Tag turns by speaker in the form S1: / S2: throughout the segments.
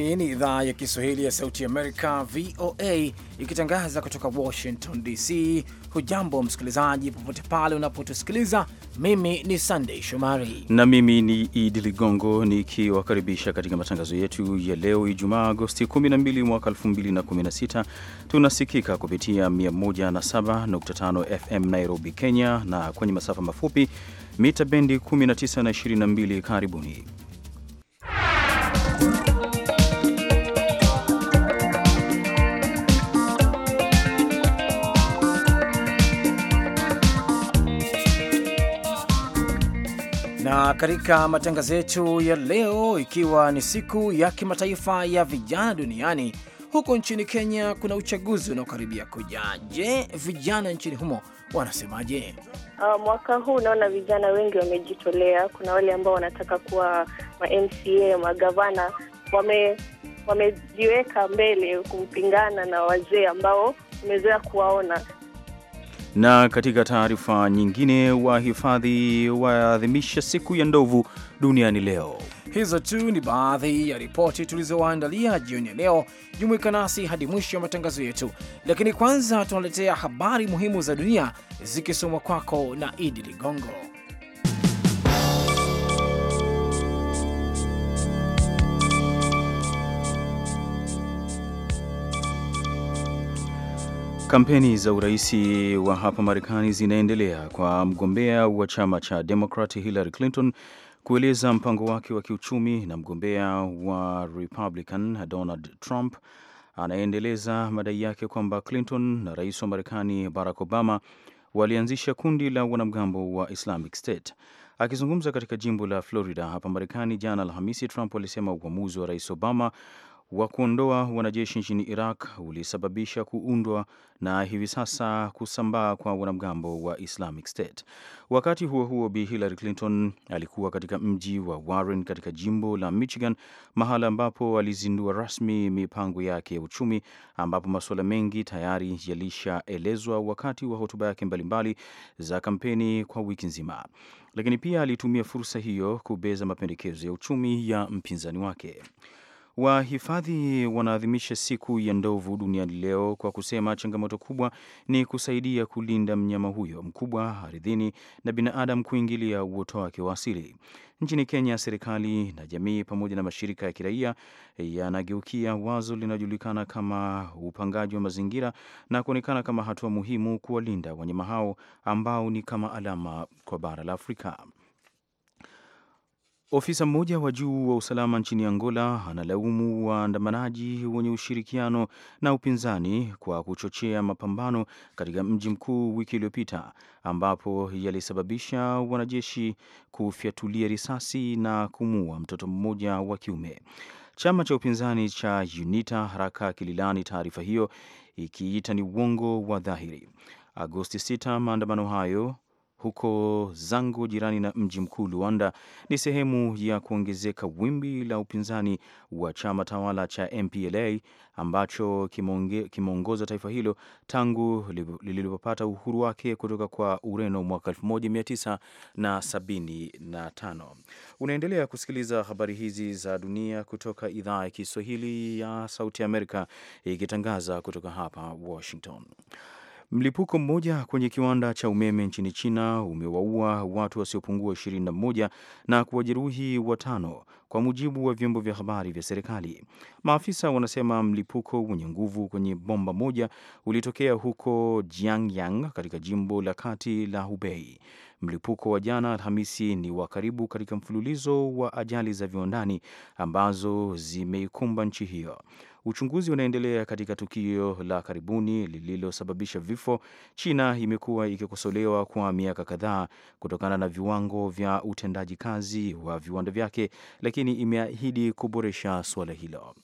S1: Hii ni idhaa ya Kiswahili ya Sauti Amerika, VOA, ikitangaza kutoka Washington DC. Hujambo msikilizaji, popote pale unapotusikiliza. Mimi ni Sandei Shomari
S2: na mimi ni Idi Ligongo nikiwakaribisha katika matangazo yetu ya leo Ijumaa Agosti 12 mwaka 2016. Tunasikika kupitia 107.5 FM Nairobi, Kenya, na kwenye masafa mafupi mita bendi 19 na 22. Karibuni
S1: na katika matangazo yetu ya leo, ikiwa ni siku ya kimataifa ya vijana duniani, huko nchini Kenya kuna uchaguzi unaokaribia kuja. Je, vijana nchini humo wanasemaje?
S3: Uh, mwaka huu naona vijana wengi wamejitolea. Kuna wale ambao wanataka kuwa ma MCA magavana, wame wamejiweka mbele kupingana na wazee ambao umezoea kuwaona
S2: na katika taarifa nyingine, wahifadhi waadhimisha siku ya ndovu duniani leo.
S1: Hizo tu ni baadhi ya ripoti tulizowaandalia jioni ya leo. Jumuika nasi hadi mwisho ya matangazo yetu, lakini kwanza tunaletea habari muhimu za dunia zikisomwa kwako na Idi Ligongo.
S2: Kampeni za uraisi wa hapa Marekani zinaendelea kwa mgombea wa chama cha Democrat Hillary Clinton kueleza mpango wake wa kiuchumi na mgombea wa Republican Donald Trump anaendeleza madai yake kwamba Clinton na rais wa Marekani Barack Obama walianzisha kundi la wanamgambo wa Islamic State. Akizungumza katika jimbo la Florida hapa Marekani jana Alhamisi, Trump alisema uamuzi wa rais Obama wa kuondoa wanajeshi nchini Iraq ulisababisha kuundwa na hivi sasa kusambaa kwa wanamgambo wa Islamic State. Wakati huo huo, Bi Hillary Clinton alikuwa katika mji wa Warren katika jimbo la Michigan, mahala ambapo alizindua rasmi mipango yake ya uchumi, ambapo masuala mengi tayari yalishaelezwa wakati wa hotuba yake mbalimbali za kampeni kwa wiki nzima, lakini pia alitumia fursa hiyo kubeza mapendekezo ya uchumi ya mpinzani wake. Wahifadhi wanaadhimisha siku ya ndovu duniani leo kwa kusema changamoto kubwa ni kusaidia kulinda mnyama huyo mkubwa ardhini na binadamu kuingilia uoto wake wa asili. Nchini Kenya, serikali na jamii pamoja na mashirika ya kiraia yanageukia wazo linajulikana kama upangaji wa mazingira na kuonekana kama hatua muhimu kuwalinda wanyama hao ambao ni kama alama kwa bara la Afrika. Ofisa mmoja wa juu wa usalama nchini Angola analaumu waandamanaji wenye ushirikiano na upinzani kwa kuchochea mapambano katika mji mkuu wiki iliyopita, ambapo yalisababisha wanajeshi kufyatulia risasi na kumuua mtoto mmoja wa kiume. Chama cha upinzani cha UNITA haraka kililani taarifa hiyo ikiita ni uongo wa dhahiri. Agosti 6 maandamano hayo huko Zango, jirani na mji mkuu Luanda, ni sehemu ya kuongezeka wimbi la upinzani wa chama tawala cha MPLA ambacho kimeongoza taifa hilo tangu lililopata uhuru wake kutoka kwa Ureno mwaka 1975. Unaendelea kusikiliza habari hizi za dunia kutoka idhaa ya Kiswahili ya Sauti Amerika, ikitangaza kutoka hapa Washington. Mlipuko mmoja kwenye kiwanda cha umeme nchini China umewaua watu wasiopungua 21 na kuwajeruhi watano, kwa mujibu wa vyombo vya habari vya serikali. Maafisa wanasema mlipuko wenye nguvu kwenye bomba moja ulitokea huko Jiangyang katika jimbo la kati la Hubei. Mlipuko wa jana Alhamisi ni wa karibu katika mfululizo wa ajali za viwandani ambazo zimeikumba nchi hiyo. Uchunguzi unaendelea katika tukio la karibuni lililosababisha vifo. China imekuwa ikikosolewa kwa miaka kadhaa kutokana na viwango vya utendaji kazi wa viwanda vyake, lakini imeahidi kuboresha suala hilo.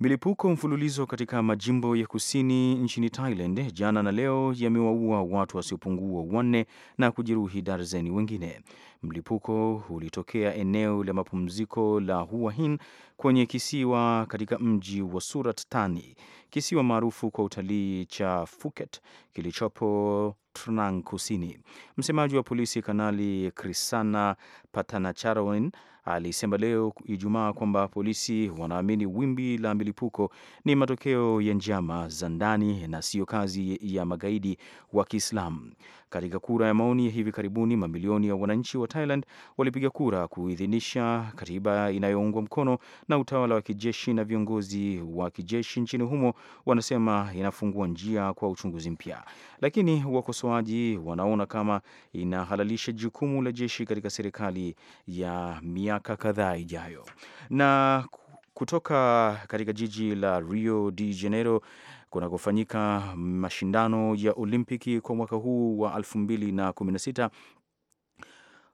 S2: Milipuko mfululizo katika majimbo ya kusini nchini Thailand jana na leo yamewaua watu wasiopungua wanne na kujeruhi darzeni wengine. Mlipuko ulitokea eneo la mapumziko la Hua Hin kwenye kisiwa katika mji wa Surat Thani, kisiwa maarufu kwa utalii cha Phuket kilichopo Penang Kusini. Msemaji wa polisi Kanali Krisana Patanacharoen alisema leo Ijumaa kwamba polisi wanaamini wimbi la milipuko ni matokeo ya njama za ndani na siyo kazi ya magaidi wa Kiislamu. Katika kura ya maoni ya hivi karibuni, mamilioni ya wananchi wa Thailand walipiga kura kuidhinisha katiba inayoungwa mkono na utawala wa kijeshi, na viongozi wa kijeshi nchini humo wanasema inafungua njia kwa uchunguzi mpya, lakini wakosoaji wanaona kama inahalalisha jukumu la jeshi katika serikali ya miaka kadhaa ijayo. Na kutoka katika jiji la Rio de Janeiro kunakofanyika mashindano ya Olimpiki kwa mwaka huu wa 2016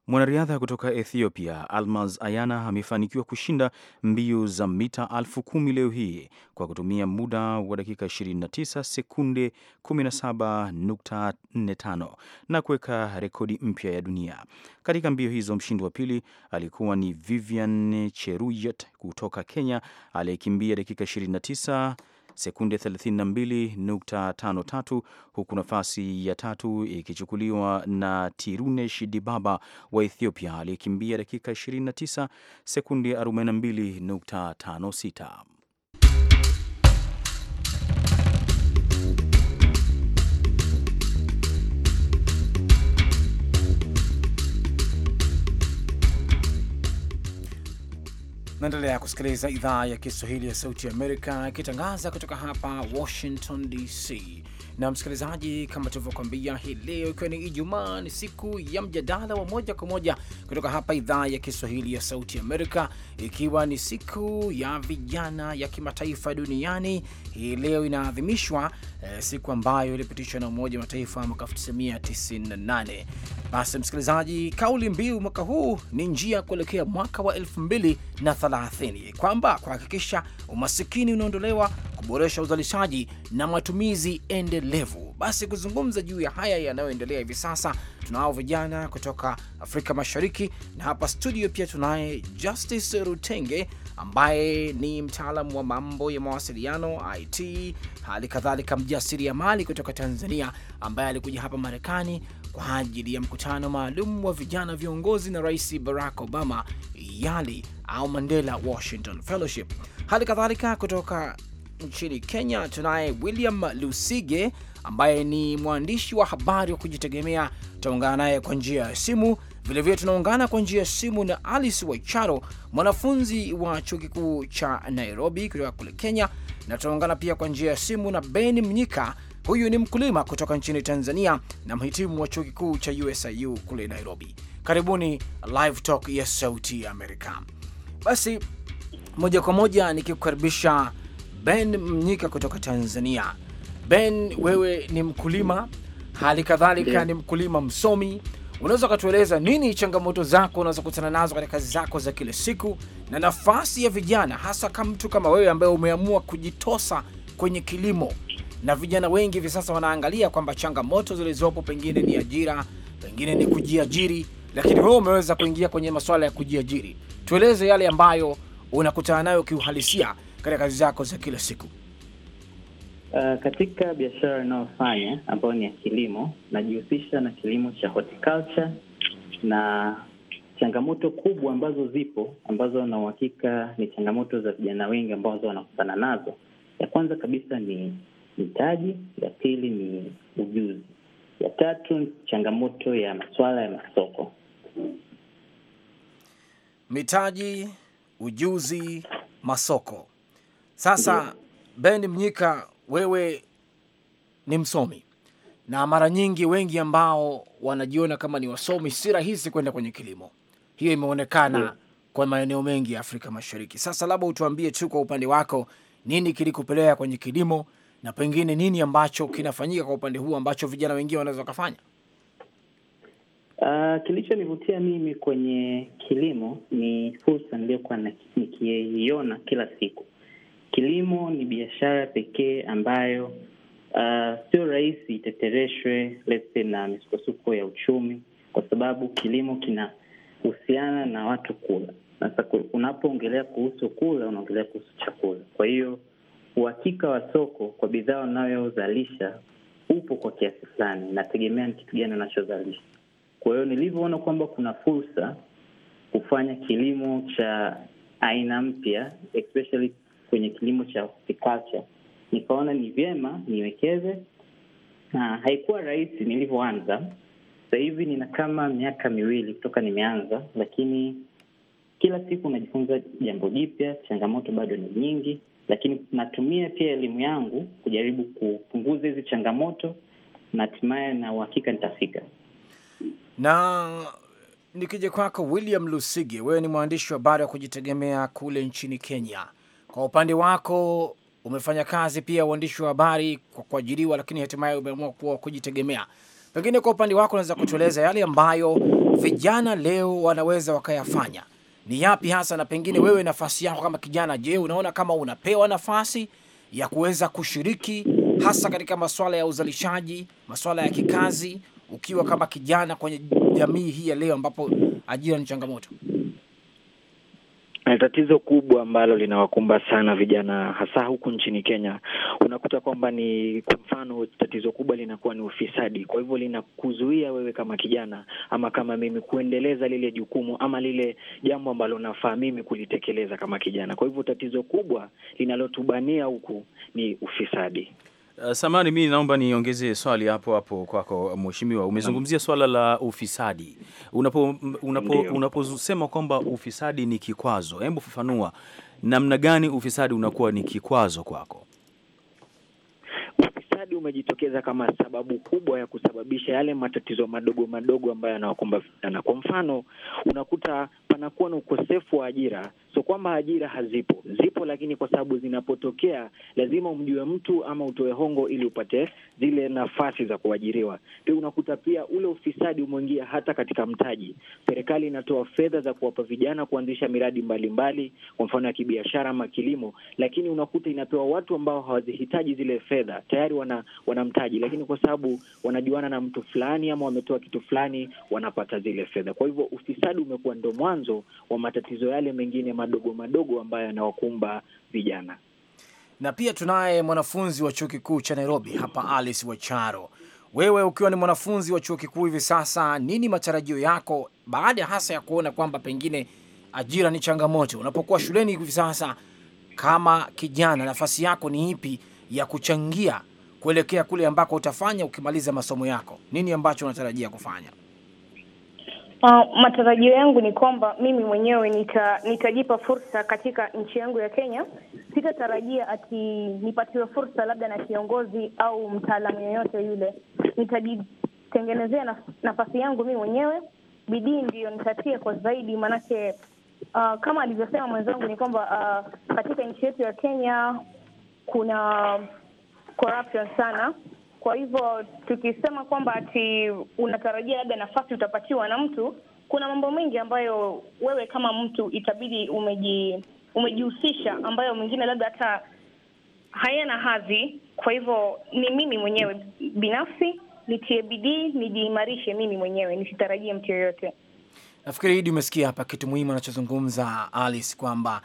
S2: mwanariadha kutoka Ethiopia Almaz Ayana amefanikiwa kushinda mbio za mita elfu kumi leo hii kwa kutumia muda wa dakika 29 sekunde 17.45 na kuweka rekodi mpya ya dunia. Katika mbio hizo, mshindi wa pili alikuwa ni Vivian Cheruyet kutoka Kenya aliyekimbia dakika 29 sekunde 32.53 huku nafasi ya tatu ikichukuliwa na Tirune Dibaba wa Ethiopia aliyekimbia dakika 29 sekunde 42.56.
S1: Naendelea kusikiliza idhaa ya Kiswahili ya Sauti Amerika ikitangaza kutoka hapa Washington DC na msikilizaji, kama tulivyokwambia, hii leo ikiwa ni Ijumaa, ni siku ya mjadala wa moja kwa moja kutoka hapa idhaa ya Kiswahili ya Sauti Amerika, ikiwa ni siku ya vijana ya kimataifa duniani. Hii leo inaadhimishwa eh, siku ambayo ilipitishwa na Umoja wa Mataifa mwaka 1998. Basi msikilizaji, kauli mbiu mwaka huu ni njia kuelekea mwaka wa 2030 kwamba kuhakikisha umasikini unaondolewa, kuboresha uzalishaji na matumizi endelevu endelevu. Basi kuzungumza juu ya haya yanayoendelea hivi sasa, tunao vijana kutoka Afrika Mashariki na hapa studio pia tunaye Justice Rutenge ambaye ni mtaalamu wa mambo ya mawasiliano IT, hali kadhalika mali kutoka Tanzania ambaye alikuja hapa Marekani kwa ajili ya mkutano maalum wa vijana viongozi na Rais Barack Obama, YALI au Mandela Washington Fellowship. Hali kadhalika kutoka nchini Kenya tunaye William Lusige ambaye ni mwandishi wa habari wa kujitegemea. Tutaungana naye kwa njia ya simu. Vilevile tunaungana kwa njia ya simu na Alice Waicharo, mwanafunzi wa chuo kikuu cha Nairobi kutoka kule Kenya, na tunaungana pia kwa njia ya simu na Ben Mnyika. Huyu ni mkulima kutoka nchini Tanzania na mhitimu wa chuo kikuu cha USIU kule Nairobi. Karibuni Live Talk ya Sauti ya Amerika. Basi moja kwa moja nikikukaribisha Ben Mnyika kutoka Tanzania. Ben, wewe ni mkulima, hali kadhalika yeah, ni mkulima msomi. Unaweza ukatueleza nini changamoto zako unaweza kukutana nazo katika kazi zako za kila siku na nafasi ya vijana, hasa kama mtu kama wewe ambaye umeamua kujitosa kwenye kilimo, na vijana wengi hivi sasa wanaangalia kwamba changamoto zilizopo pengine ni ajira, pengine ni kujiajiri, lakini wewe umeweza kuingia kwenye masuala ya kujiajiri. Tueleze yale ambayo unakutana nayo kiuhalisia katika kazi zako za kila siku?
S4: Uh, katika biashara inayofanya ambayo ni ya kilimo, najihusisha na kilimo cha horticulture, na changamoto kubwa ambazo zipo ambazo na uhakika ni changamoto za vijana wengi ambazo wanakutana nazo. Ya kwanza kabisa ni mitaji, ya pili ni ujuzi, ya tatu ni changamoto ya masuala ya masoko.
S1: Mitaji, ujuzi, masoko. Sasa Ben Mnyika, wewe ni msomi na mara nyingi wengi ambao wanajiona kama ni wasomi si rahisi kwenda kwenye kilimo. Hiyo imeonekana yeah, kwa maeneo mengi ya Afrika Mashariki. Sasa labda utuambie tu kwa upande wako, nini kilikupelea kwenye kilimo na pengine nini ambacho kinafanyika kwa upande huu ambacho vijana wengine wanaweza wakafanya?
S4: Uh, kilichonivutia mimi kwenye kilimo ni fursa niliyokuwa nikiiona kila siku kilimo ni biashara pekee ambayo uh, sio rahisi itetereshwe lete na misukosuko ya uchumi, kwa sababu kilimo kinahusiana na watu kula. Sasa unapoongelea kuhusu kula, unaongelea kuhusu chakula. Kwa hiyo uhakika wa soko kwa bidhaa unayozalisha upo kwa kiasi fulani, inategemea ni kitu gani unachozalisha. Kwa hiyo nilivyoona kwamba kuna fursa kufanya kilimo cha aina mpya especially kwenye kilimo cha horticulture. Nikaona ni vyema niwekeze, na haikuwa rahisi nilivyoanza. sahivi hivi nina kama miaka miwili kutoka nimeanza, lakini kila siku najifunza jambo jipya. Changamoto bado ni nyingi, lakini natumia pia elimu yangu kujaribu kupunguza hizi changamoto, na hatimaye na uhakika nitafika.
S1: Na nikija kwako William Lusige, wewe ni mwandishi wa bara ya kujitegemea kule nchini Kenya. Kwa upande wako umefanya kazi pia uandishi wa habari kwa kuajiriwa, lakini hatimaye umeamua kuwa kujitegemea. Pengine kwa upande wako unaweza kutueleza yale ambayo vijana leo wanaweza wakayafanya ni yapi hasa, na pengine wewe nafasi yako kama kijana, je, unaona kama unapewa nafasi ya kuweza kushiriki hasa katika masuala ya uzalishaji, masuala ya kikazi, ukiwa kama kijana kwenye jamii hii ya leo ambapo ajira ni changamoto?
S5: na tatizo kubwa ambalo linawakumba sana vijana hasa huku nchini Kenya, unakuta kwamba ni kwa mfano, tatizo kubwa linakuwa ni ufisadi. Kwa hivyo linakuzuia wewe kama kijana ama kama mimi kuendeleza lile jukumu ama lile jambo ambalo nafaa mimi kulitekeleza kama kijana. Kwa hivyo tatizo kubwa linalotubania huku ni ufisadi.
S2: Uh, samani mimi naomba niongeze swali hapo hapo kwako mheshimiwa. Umezungumzia swala la ufisadi. Unaposema unapo, unapo kwamba ufisadi ni kikwazo, hebu fafanua namna gani ufisadi unakuwa ni kikwazo kwako?
S5: ufisadi umejitokeza kama sababu kubwa ya kusababisha yale matatizo madogo madogo ambayo yanawakumba vijana. Kwa mfano, unakuta panakuwa na ukosefu wa ajira, sio kwamba ajira hazipo, zipo, lakini kwa sababu zinapotokea lazima umjue mtu ama utoe hongo ili upate zile nafasi za kuajiriwa. Pia unakuta pia ule ufisadi umeingia hata katika mtaji. Serikali inatoa fedha za kuwapa vijana kuanzisha miradi mbalimbali, kwa mfano ya kibiashara ama kilimo, lakini unakuta inapewa watu ambao hawazihitaji zile fedha, tayari wana wana wanamtaji, lakini kwa sababu wanajuana na mtu fulani ama wametoa kitu fulani, wanapata zile fedha. Kwa hivyo ufisadi umekuwa ndo mwanzo wa matatizo yale mengine madogo madogo ambayo yanawakumba vijana.
S1: Na pia tunaye mwanafunzi wa chuo kikuu cha Nairobi hapa, Alice Wacharo. Wewe ukiwa ni mwanafunzi wa chuo kikuu hivi sasa, nini matarajio yako baada hasa ya kuona kwamba pengine ajira ni changamoto unapokuwa shuleni hivi sasa? Kama kijana, nafasi yako ni ipi ya kuchangia kuelekea kule ambako utafanya ukimaliza masomo yako, nini ambacho unatarajia kufanya?
S3: Uh, matarajio yangu ni kwamba mimi mwenyewe nita, nitajipa fursa katika nchi yangu ya Kenya. Sitatarajia ati nipatiwe fursa labda na kiongozi au mtaalamu yoyote yule. Nitajitengenezea nafasi yangu mimi mwenyewe. Bidii ndiyo nitatia kwa zaidi, maanake uh, ah, kama alivyosema mwenzangu ni kwamba uh, katika nchi yetu ya Kenya kuna corruption sana. Kwa hivyo tukisema kwamba ati unatarajia labda nafasi utapatiwa na mtu, kuna mambo mengi ambayo wewe kama mtu itabidi umeji umejihusisha ambayo mwingine labda hata hayana hadhi. Kwa hivyo ni mimi mwenyewe binafsi nitie bidii, nijiimarishe mimi mwenyewe, nisitarajie mtu yoyote.
S1: Nafikiri Idi, umesikia hapa kitu muhimu anachozungumza Alice kwamba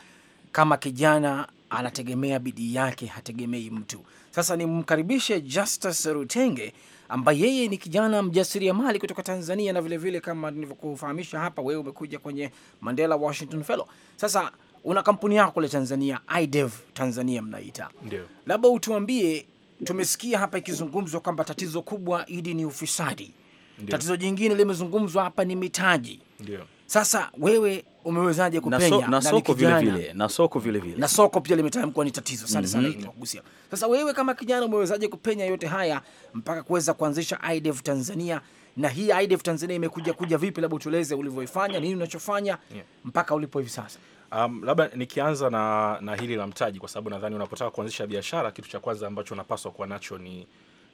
S1: kama kijana anategemea bidii yake, hategemei mtu. Sasa nimkaribishe Justus Rutenge ambaye yeye ni kijana mjasiriamali kutoka Tanzania na vilevile vile kama nilivyokufahamisha hapa, wewe umekuja kwenye Mandela Washington Fellow. Sasa una kampuni yako kule Tanzania, IDEV Tanzania mnaita, ndio. Labda utuambie, tumesikia hapa ikizungumzwa kwamba tatizo kubwa idi ni ufisadi. Ndiyo. Tatizo jingine limezungumzwa hapa ni mitaji. Ndiyo. Sasa wewe umewezaje kupenya na soko vile vile
S2: na soko vile vile na
S1: soko pia limetamkwa ni tatizo sana mm -hmm. sana hilo mhm. kugusia. Sasa wewe kama kijana umewezaje kupenya yote haya mpaka kuweza kuanzisha IDF e Tanzania na hii IDF e Tanzania imekuja kuja vipi? Labda utueleze ulivyoifanya, nini unachofanya yeah, mpaka ulipo hivi sasa.
S6: Um, labda nikianza na, na hili la mtaji, kwa sababu nadhani unapotaka kuanzisha biashara kitu cha kwanza ambacho unapaswa kuwa nacho ni,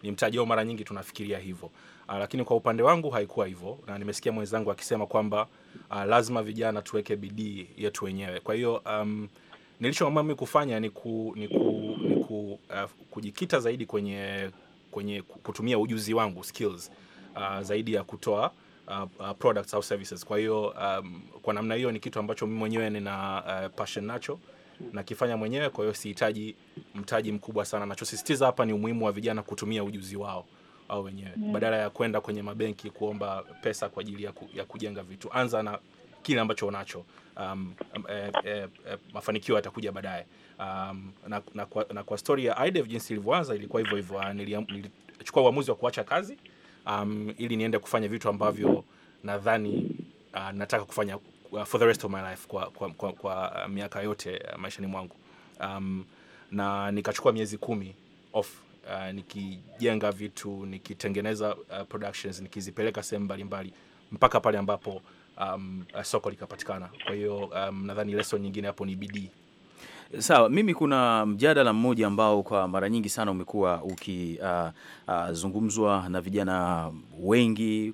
S6: ni mtaji, au mara nyingi tunafikiria hivyo Uh, lakini kwa upande wangu haikuwa hivyo, na nimesikia mwenzangu akisema kwamba uh, lazima vijana tuweke bidii yetu wenyewe. Kwa hiyo um, nilichoamua mimi kufanya ni, ku, ni, ku, ni ku, uh, kujikita zaidi kwenye, kwenye kutumia ujuzi wangu skills, uh, zaidi ya kutoa uh, uh, products au services. Kwa hiyo um, kwa namna hiyo ni kitu ambacho mimi mwenyewe nina uh, passion nacho nakifanya mwenyewe, kwa hiyo sihitaji mtaji mkubwa sana. Nachosisitiza hapa ni umuhimu wa vijana kutumia ujuzi wao au wenyewe yeah. Mm. badala ya kwenda kwenye mabenki kuomba pesa kwa ajili ya, ku, ya kujenga vitu. Anza na kile ambacho unacho. Um, e, e, e, mafanikio yatakuja baadaye. Um, na, na, kwa, na kwa story ya IDF e jinsi ilivyoanza ilikuwa hivyo hivyo, ah, nilichukua uamuzi wa kuacha kazi um, ili niende kufanya vitu ambavyo nadhani uh, nataka kufanya uh, for the rest of my life kwa, kwa, kwa, kwa uh, miaka yote uh, maishani mwangu um, na nikachukua miezi kumi off uh, nikijenga vitu nikitengeneza uh, productions nikizipeleka sehemu mbalimbali mpaka pale ambapo um, uh, soko likapatikana. Kwa hiyo um, nadhani lesson nyingine hapo ni bidii.
S2: Sawa, mimi kuna mjadala mmoja ambao kwa mara nyingi sana umekuwa ukizungumzwa uh, uh, na vijana wengi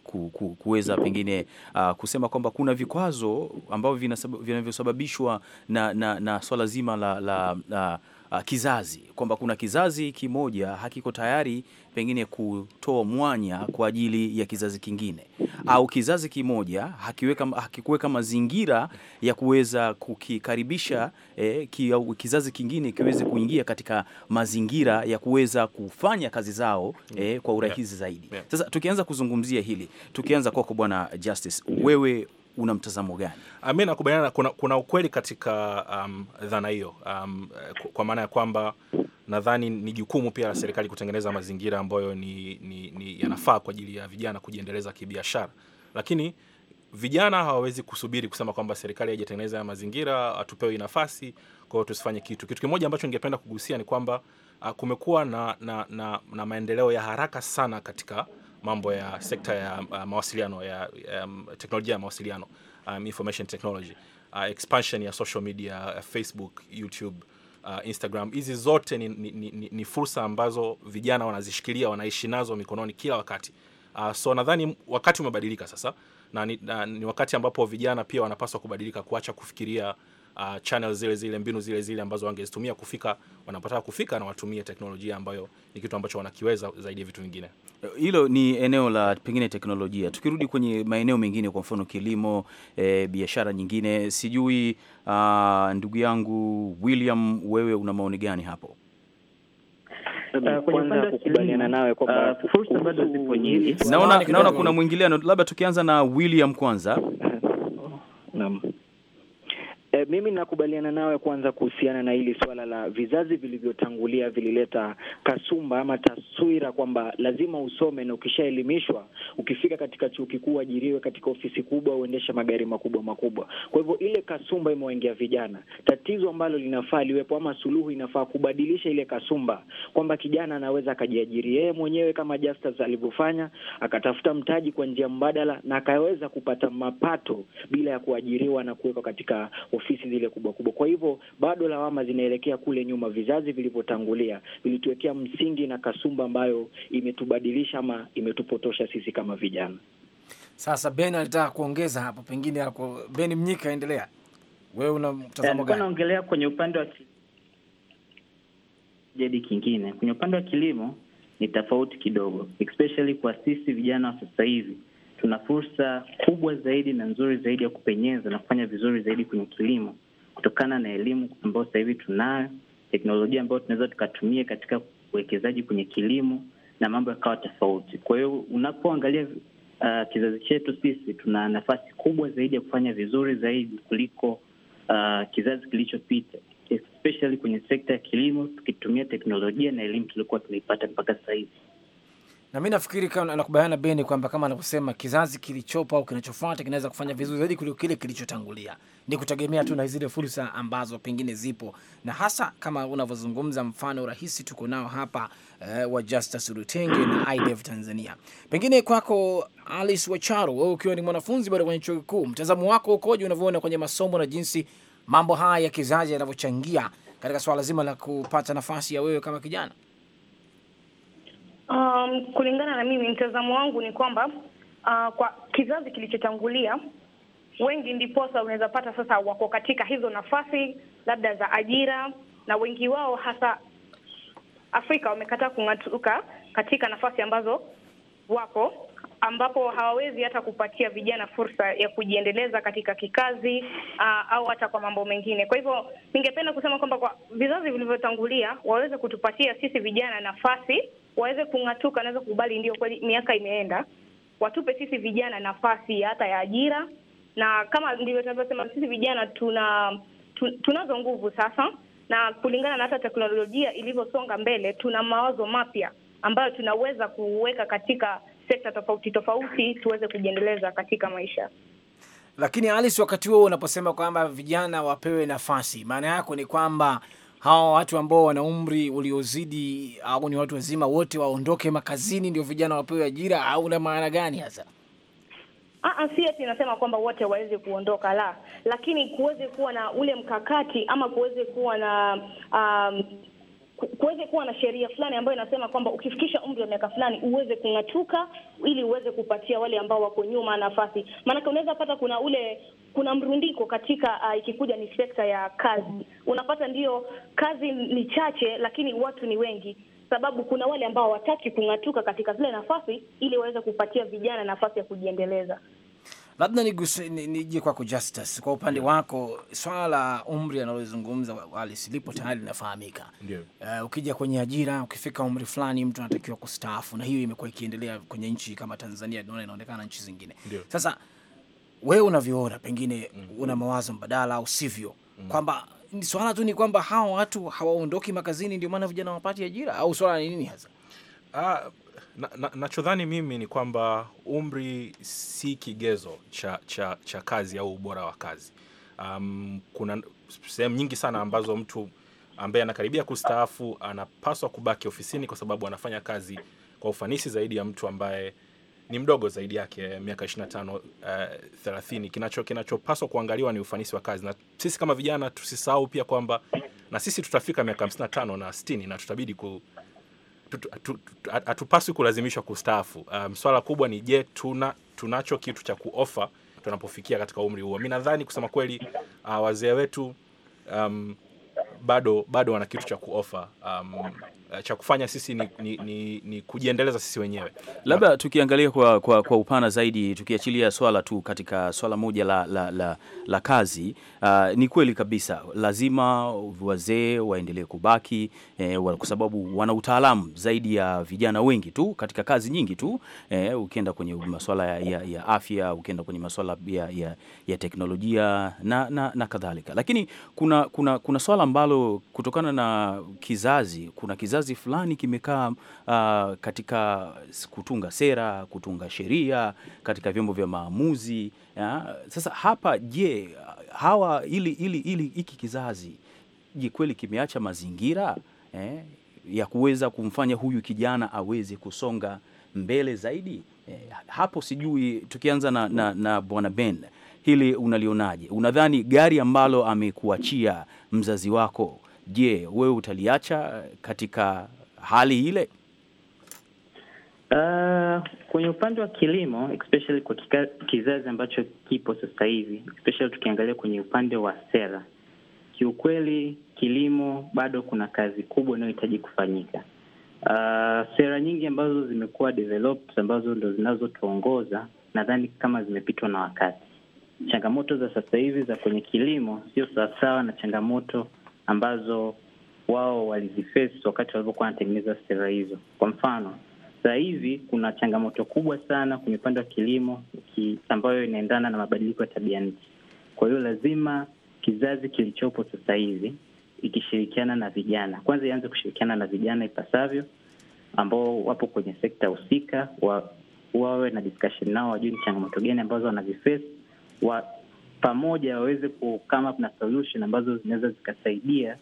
S2: kuweza ku, pengine uh, kusema kwamba kuna vikwazo ambavyo vinavyosababishwa na, na, na swala zima la, la, la uh, kizazi kwamba kuna kizazi kimoja hakiko tayari pengine kutoa mwanya kwa ajili ya kizazi kingine, au kizazi kimoja hakiweka, hakikuweka mazingira ya kuweza kukikaribisha eh, kizazi kingine kiweze kuingia katika mazingira ya kuweza kufanya kazi zao eh, kwa urahisi zaidi. Sasa tukianza kuzungumzia hili, tukianza kwako Bwana Justice, wewe una mtazamo gani?
S6: Ah, mi nakubaliana, kuna, kuna ukweli katika um, dhana hiyo um, kwa maana ya kwamba nadhani ni jukumu pia la serikali kutengeneza mazingira ambayo ni, ni, ni yanafaa kwa ajili ya vijana kujiendeleza kibiashara, lakini vijana hawawezi kusubiri kusema kwamba serikali haijatengeneza ya mazingira atupewe nafasi, kwa hiyo tusifanye kitu. Kitu kimoja ambacho ningependa kugusia ni kwamba ah, kumekuwa na, na, na, na maendeleo ya haraka sana katika mambo ya sekta ya uh, mawasiliano ya um, teknolojia ya mawasiliano um, information technology uh, expansion ya social media uh, Facebook, YouTube uh, Instagram. Hizi zote ni, ni, ni, ni fursa ambazo vijana wanazishikilia, wanaishi nazo mikononi kila wakati. Uh, so nadhani wakati umebadilika sasa na ni, na, ni wakati ambapo vijana pia wanapaswa kubadilika, kuacha kufikiria uh, channel zile zile, mbinu zile zile ambazo wangezitumia kufika wanapotaka kufika, na watumie teknolojia ambayo ni kitu ambacho wanakiweza zaidi ya vitu vingine.
S2: Eh, hilo ni eneo la pengine teknolojia. Tukirudi kwenye maeneo mengine, kwa mfano kilimo, e, biashara nyingine, sijui uh, ndugu yangu William, wewe una maoni gani hapo? Eh, ah, naona kuna mwingiliano, labda tukianza na William kwanza.
S5: Naam. E, mimi nakubaliana nawe kwanza kuhusiana na hili swala la vizazi vilivyotangulia vilileta kasumba ama taswira kwamba lazima usome na ukishaelimishwa, ukifika katika chuo kikuu ajiriwe katika ofisi kubwa, uendeshe magari makubwa makubwa. Kwa hivyo ile kasumba imewaingia vijana. Tatizo ambalo linafaa liwepo ama suluhu inafaa kubadilisha ile kasumba, kwamba kijana anaweza akajiajiri yeye mwenyewe kama Justus alivyofanya, akatafuta mtaji kwa njia mbadala na akaweza kupata mapato bila ya kuajiriwa na kuwekwa katika ofisi zile kubwa kubwa. Kwa hivyo bado lawama zinaelekea kule nyuma, vizazi vilivyotangulia vilituwekea msingi na kasumba ambayo imetubadilisha ama imetupotosha sisi kama vijana.
S1: Sasa Ben alitaka kuongeza hapo, pengine hapo Ben Mnyika, endelea wewe, una mtazamo gani?
S4: Naongelea kwenye upande wa jadi kingine, kwenye upande wa kilimo ni tofauti kidogo, especially kwa sisi vijana wa sasa hivi tuna fursa kubwa zaidi na nzuri zaidi ya kupenyeza na kufanya vizuri zaidi kwenye kilimo kutokana na elimu ambayo sasa hivi tunayo, teknolojia ambayo tunaweza tukatumia katika uwekezaji kwenye kilimo na mambo yakawa tofauti. Kwa hiyo unapoangalia uh, kizazi chetu sisi tuna nafasi kubwa zaidi ya kufanya vizuri zaidi kuliko uh, kizazi kilichopita, especially kwenye sekta ya kilimo tukitumia teknolojia na elimu tuliokuwa tunaipata mpaka sasa hivi
S1: na mi nafikiri nakubaliana Beni kwamba kama anavyosema kizazi kilichopo au kinachofuata kinaweza kufanya vizuri zaidi kuliko kile kilichotangulia. Ni kutegemea tu na zile fursa ambazo pengine zipo, na hasa kama unavyozungumza mfano rahisi tuko nao hapa eh, wa Justus Rutenge na IDF Tanzania. Pengine kwako Alice Wacharo, wewe ukiwa ni mwanafunzi bado kwenye chuo kikuu, mtazamo wako ukoje, unavyoona kwenye masomo na jinsi mambo haya ya kizazi yanavyochangia katika swala zima la kupata nafasi ya wewe kama kijana?
S3: Um, kulingana na mimi mtazamo wangu ni kwamba uh, kwa kizazi kilichotangulia wengi ndiposa unaweza pata sasa wako katika hizo nafasi labda za ajira, na wengi wao hasa Afrika wamekataa kung'atuka katika nafasi ambazo wako ambapo hawawezi hata kupatia vijana fursa ya kujiendeleza katika kikazi uh, au hata kwa mambo mengine. Kwa hivyo ningependa kusema kwamba kwa vizazi vilivyotangulia waweze kutupatia sisi vijana nafasi waweze kung'atuka, wanaweza kukubali ndio kweli miaka imeenda, watupe sisi vijana nafasi hata ya ajira, na kama ndivyo tunavyosema sisi vijana tuna tu, tunazo nguvu sasa, na kulingana na hata teknolojia ilivyosonga mbele, tuna mawazo mapya ambayo tunaweza kuweka katika sekta tofauti tofauti, tuweze kujiendeleza katika maisha.
S1: Lakini Alice, wakati huo unaposema kwamba vijana wapewe nafasi, maana yako ni kwamba hawa watu ambao wana umri uliozidi au ni watu wazima wote waondoke makazini ndio vijana wapewe ajira au na maana gani hasa?
S3: Ah, ah, si eti nasema kwamba wote waweze kuondoka la, lakini kuweze kuwa na ule mkakati ama kuweze kuwa na um, kuweze kuwa na sheria fulani ambayo inasema kwamba ukifikisha umri wa miaka fulani uweze kung'atuka, ili uweze kupatia wale ambao wako nyuma nafasi. Maanake unaweza pata kuna ule kuna mrundiko katika uh, ikikuja ni sekta ya kazi, unapata ndiyo kazi ni chache, lakini watu ni wengi, sababu kuna wale ambao hawataki kung'atuka katika zile nafasi ili waweze kupatia vijana nafasi ya kujiendeleza.
S1: Labda nije kwako Justus, kwa upande wako swala la umri analozungumza Wallace lipo tayari linafahamika. Uh, ukija kwenye ajira, ukifika umri fulani mtu anatakiwa kustaafu, na hiyo imekuwa ikiendelea kwenye nchi kama Tanzania, naona inaonekana nchi zingine. Ndiyo. Sasa wewe unavyoona, pengine mm una mawazo mbadala au sivyo, mm kwamba swala tu ni kwamba hawa watu hawaondoki makazini, ndio maana vijana wapati ajira, au swala ni nini hasa? Ah, nachodhani na, na mimi ni kwamba
S6: umri si kigezo cha, cha, cha kazi au ubora wa kazi. Um, kuna sehemu nyingi sana ambazo mtu ambaye anakaribia kustaafu anapaswa kubaki ofisini kwa sababu anafanya kazi kwa ufanisi zaidi ya mtu ambaye ni mdogo zaidi yake eh, miaka 25 uh, 30. Kinacho kinachopaswa kuangaliwa ni ufanisi wa kazi, na sisi kama vijana tusisahau pia kwamba na sisi tutafika miaka 55 na 60 na tutabidi ku hatupaswi kulazimishwa kustaafu. Um, swala kubwa ni je, tuna tunacho kitu cha kuofa tunapofikia katika umri huo. Mimi nadhani kusema kweli, uh, wazee wetu um, bado bado wana kitu cha kuofa um, Eh, cha kufanya sisi ni, ni, ni, ni kujiendeleza sisi wenyewe.
S2: Labda tukiangalia kwa, kwa, kwa upana zaidi, tukiachilia swala tu katika swala moja la, la, la, la kazi uh, ni kweli kabisa lazima wazee waendelee kubaki eh, kwa sababu wana utaalamu zaidi ya vijana wengi tu katika kazi nyingi tu eh, ukienda kwenye masuala ya, ya, ya afya, ukienda kwenye masuala ya, ya, ya teknolojia na, na, na kadhalika, lakini kuna, kuna, kuna swala ambalo kutokana na kizazi kuna kizazi kizazi fulani kimekaa uh, katika kutunga sera, kutunga sheria katika vyombo vya maamuzi ya. Sasa hapa je, hawa ili ili ili hiki kizazi je kweli kimeacha mazingira eh, ya kuweza kumfanya huyu kijana aweze kusonga mbele zaidi eh, hapo sijui tukianza na, na, na Bwana Ben hili unalionaje? Unadhani gari ambalo amekuachia mzazi wako Je, wewe utaliacha katika hali ile?
S4: Uh, kwenye upande wa kilimo especially kwa kika, kizazi ambacho kipo sasa hivi especially tukiangalia kwenye upande wa sera, kiukweli kilimo bado kuna kazi kubwa inayohitaji kufanyika. Uh, sera nyingi ambazo zimekuwa developed ambazo ndo zinazotuongoza nadhani kama zimepitwa na wakati. Changamoto za sasa hivi za kwenye kilimo sio sawasawa na changamoto ambazo wao walizifesi wakati walivyokuwa wanatengeneza sera hizo. Kwa mfano, sasa hivi kuna changamoto kubwa sana kwenye upande wa kilimo ki, ambayo inaendana na mabadiliko ya tabia nchi. Kwa hiyo lazima kizazi kilichopo sasa hivi ikishirikiana na vijana, kwanza ianze kushirikiana na vijana ipasavyo, ambao wapo kwenye sekta husika, wawe na discussion nao, wajue ni changamoto gani ambazo wanaziface wa pamoja waweze kukama na solution ambazo zinaweza zikasaidia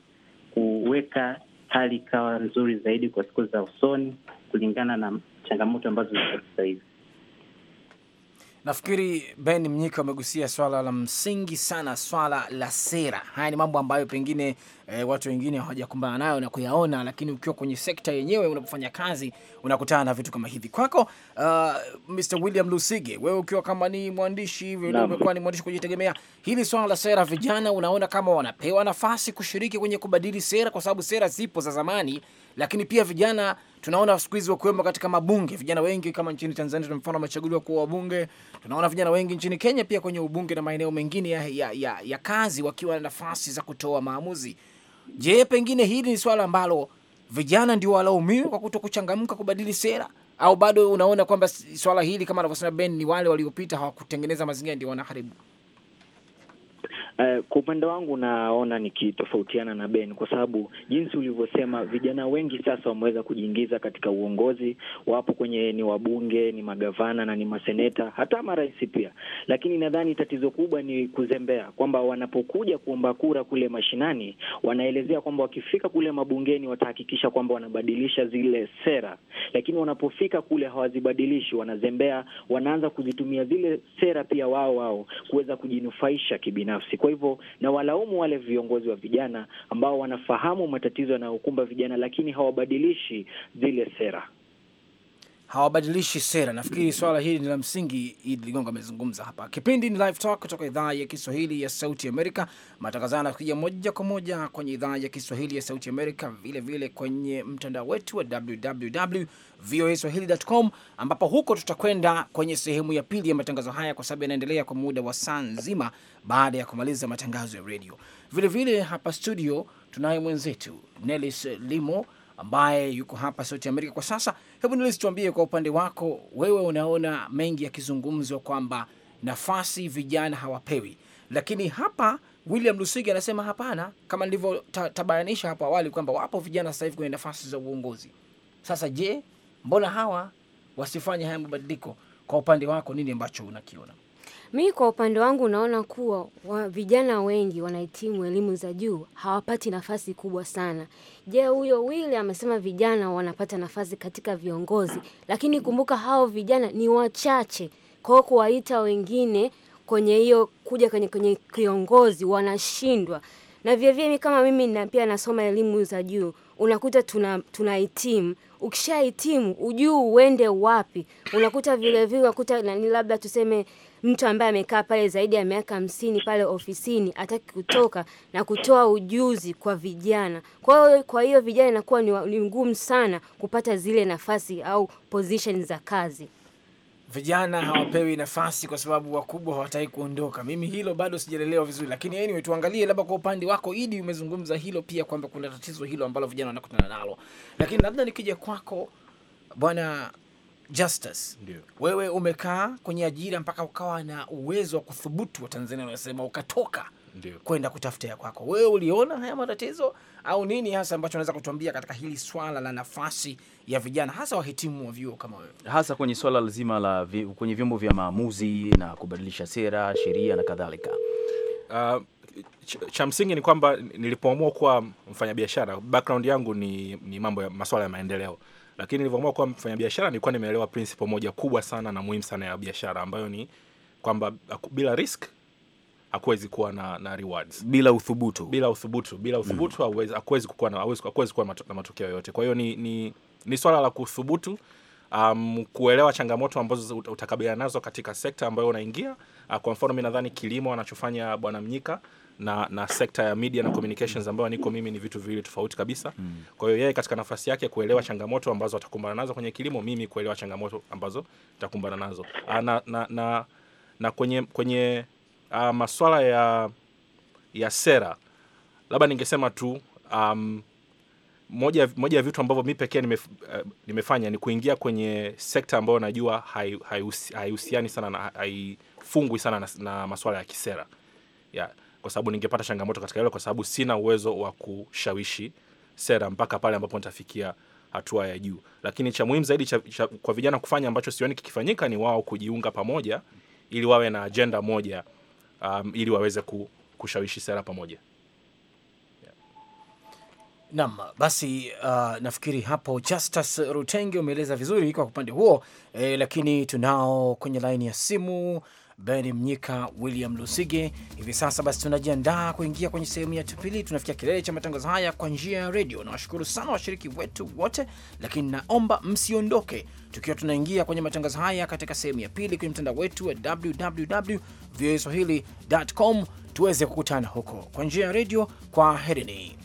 S4: kuweka hali ikawa nzuri zaidi kwa siku za usoni kulingana na changamoto ambazo ziko sasa hivi.
S1: Nafikiri Ben Mnyika amegusia swala la msingi sana, swala la sera. Haya ni mambo ambayo pengine e, watu wengine hawajakumbana nayo na kuyaona, lakini ukiwa kwenye sekta yenyewe unapofanya kazi unakutana na vitu kama hivi. Kwako uh, Mr. William Lusige, wewe ukiwa kama ni mwandishi, umekuwa ni mwandishi kujitegemea, hili swala la sera, vijana unaona kama wanapewa nafasi kushiriki kwenye kubadili sera, kwa sababu sera zipo za zamani lakini pia vijana tunaona siku hizi wakiwemo katika mabunge, vijana wengi kama nchini Tanzania tuna mfano wamechaguliwa kuwa wabunge. Tunaona vijana wengi nchini Kenya pia kwenye ubunge na maeneo mengine ya, ya, ya, ya kazi wakiwa na nafasi za kutoa maamuzi. Je, pengine hili ni swala ambalo vijana ndio walaumiwa kwa kuto kuchangamka kubadili sera, au bado unaona kwamba swala hili kama anavyosema Ben ni wale waliopita hawakutengeneza mazingira ndio wanaharibu?
S5: Eh, kwa upande wangu naona nikitofautiana na Ben kwa sababu jinsi ulivyosema, vijana wengi sasa wameweza kujiingiza katika uongozi, wapo kwenye ni wabunge, ni magavana na ni maseneta, hata marais pia. Lakini nadhani tatizo kubwa ni kuzembea, kwamba wanapokuja kuomba kura kule mashinani, wanaelezea kwamba wakifika kule mabungeni watahakikisha kwamba wanabadilisha zile sera, lakini wanapofika kule hawazibadilishi, wanazembea, wanaanza kuzitumia zile sera pia wao wao kuweza kujinufaisha kibinafsi. Kwa hivyo na walaumu wale viongozi wa vijana ambao wanafahamu matatizo yanayokumba vijana, lakini hawabadilishi zile sera
S1: hawabadilishi sera. Nafikiri swala hili ni la msingi. Idi Ligongo amezungumza hapa. Kipindi ni Live Talk kutoka idhaa ya Kiswahili ya Sauti Amerika. Matangazo haya yanakuja moja kwa moja kwenye idhaa ya Kiswahili ya Sauti Amerika, vilevile vile kwenye mtandao wetu wa www voa swahili.com, ambapo huko tutakwenda kwenye sehemu ya pili ya matangazo haya, kwa sababu yanaendelea kwa muda wa saa nzima baada ya kumaliza matangazo ya redio. Vilevile hapa studio tunaye mwenzetu Nelis Limo ambaye yuko hapa Sauti ya Amerika kwa sasa. Hebu Nilis, tuambie kwa upande wako, wewe unaona mengi yakizungumzwa kwamba nafasi vijana hawapewi, lakini hapa William Lusigi anasema hapana, kama nilivyotabayanisha hapo awali kwamba wapo vijana sasa hivi kwenye nafasi za uongozi. Sasa je, mbona hawa wasifanye haya mabadiliko? Kwa upande wako nini ambacho unakiona?
S7: Mi kwa upande wangu naona kuwa wa, vijana wengi wanahitimu elimu za juu hawapati nafasi kubwa sana. Je, huyo wili amesema vijana wanapata nafasi katika viongozi, lakini kumbuka hao vijana ni wachache. Kwa kuwaita wengine kwenye hiyo kuja kwenye kwenye kiongozi wanashindwa. Na vilevile kama mimi na pia nasoma elimu za juu, unakuta tuna tunahitimu ukishahitimu ujuu uende wapi. Unakuta vilevile unakuta nani labda tuseme mtu ambaye amekaa pale zaidi ya miaka hamsini pale ofisini ataki kutoka na kutoa ujuzi kwa vijana. Kwa hiyo kwa hiyo vijana inakuwa ni ngumu sana kupata zile nafasi au position za kazi.
S1: Vijana hawapewi nafasi kwa sababu wakubwa hawataki kuondoka. Mimi hilo bado sijaelewa vizuri, lakini anyway, tuangalie labda kwa upande wako Idi, umezungumza hilo pia kwamba kuna tatizo hilo ambalo vijana wanakutana nalo, lakini labda nikija kwako bwana justice ndio wewe umekaa kwenye ajira mpaka ukawa na uwezo wa kuthubutu, Watanzania unasema ukatoka kwenda kutafuta ya kwako. Wewe uliona haya matatizo au nini hasa ambacho unaweza kutuambia katika hili swala la nafasi ya vijana hasa wahitimu wa vyuo kama wewe,
S2: hasa kwenye swala lazima la vi, kwenye vyombo
S6: vya maamuzi na kubadilisha sera, sheria na kadhalika? Uh, cha msingi ni kwamba nilipoamua kuwa mfanyabiashara, background yangu ni, ni mambo ya masuala ya maendeleo lakini nilivyoamua kuwa mfanyabiashara, nilikuwa nimeelewa principle moja kubwa sana na muhimu sana ya biashara ambayo ni kwamba bila risk hakuwezi kuwa na, na rewards. Bila uthubutu, bila uthubutu, bila mm. uthubutu mm, hakuwezi kuwa na, na matokeo yoyote. Kwa hiyo ni, ni, ni swala la kuthubutu um, kuelewa changamoto ambazo utakabiliana nazo katika sekta ambayo unaingia. Uh, kwa mfano mi nadhani kilimo anachofanya Bwana Mnyika na, na sekta ya media na communications ambayo niko mimi ni vitu viwili tofauti kabisa. Mm. Kwa hiyo yeye katika nafasi yake kuelewa changamoto ambazo atakumbana nazo kwenye kilimo, mimi kuelewa changamoto ambazo nitakumbana nazo. Aa, uh, na, na, na, na kwenye, kwenye uh, maswala ya, ya sera labda ningesema tu um, moja, moja ya vitu ambavyo mi pekee nime, uh, eh, nimefanya ni kuingia kwenye sekta ambayo najua haihusiani sana na haifungwi sana na, na masuala ya kisera yeah, kwa sababu ningepata changamoto katika hilo, kwa sababu sina uwezo wa kushawishi sera mpaka pale ambapo nitafikia hatua ya juu. Lakini cha muhimu zaidi cha, cha, kwa vijana kufanya ambacho sioni kikifanyika ni wao kujiunga pamoja ili wawe na ajenda moja um, ili waweze ku, kushawishi sera pamoja.
S1: Naam, basi uh, nafikiri hapo Justus Rutenge umeeleza vizuri kwa upande huo e, lakini tunao kwenye laini ya simu Ben Mnyika, William Lusige. Hivi sasa basi tunajiandaa kuingia kwenye sehemu ya pili, tunafikia kilele cha matangazo haya kwa njia ya redio. Nawashukuru sana washiriki wetu wote, lakini naomba msiondoke, tukiwa tunaingia kwenye matangazo haya katika sehemu ya pili kwenye mtandao wetu wa www voaswahili.com, tuweze kukutana huko kwa njia ya redio. Kwa herini.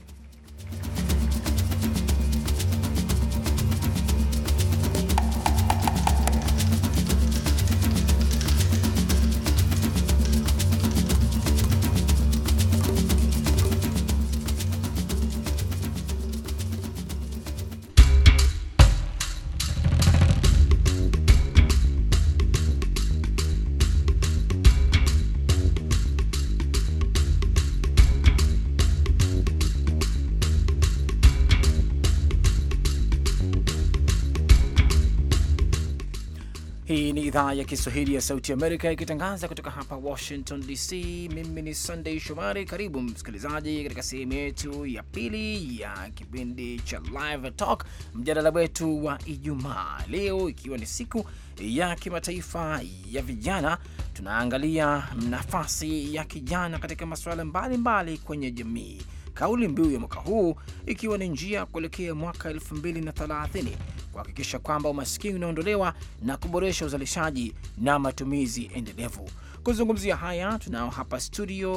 S1: idhaa ya Kiswahili ya Sauti Amerika ikitangaza kutoka hapa Washington DC. Mimi ni Sunday Shomari. Karibu msikilizaji, katika sehemu yetu ya pili ya kipindi cha Live Talk, mjadala wetu wa Ijumaa leo, ikiwa ni siku ya kimataifa ya vijana. Tunaangalia nafasi ya kijana katika masuala mbalimbali kwenye jamii kauli mbiu ya mwaka huu ikiwa ni njia ya kuelekea mwaka 2030 kuhakikisha kwamba umaskini unaondolewa na kuboresha uzalishaji na matumizi endelevu. Kuzungumzia haya tunao hapa studio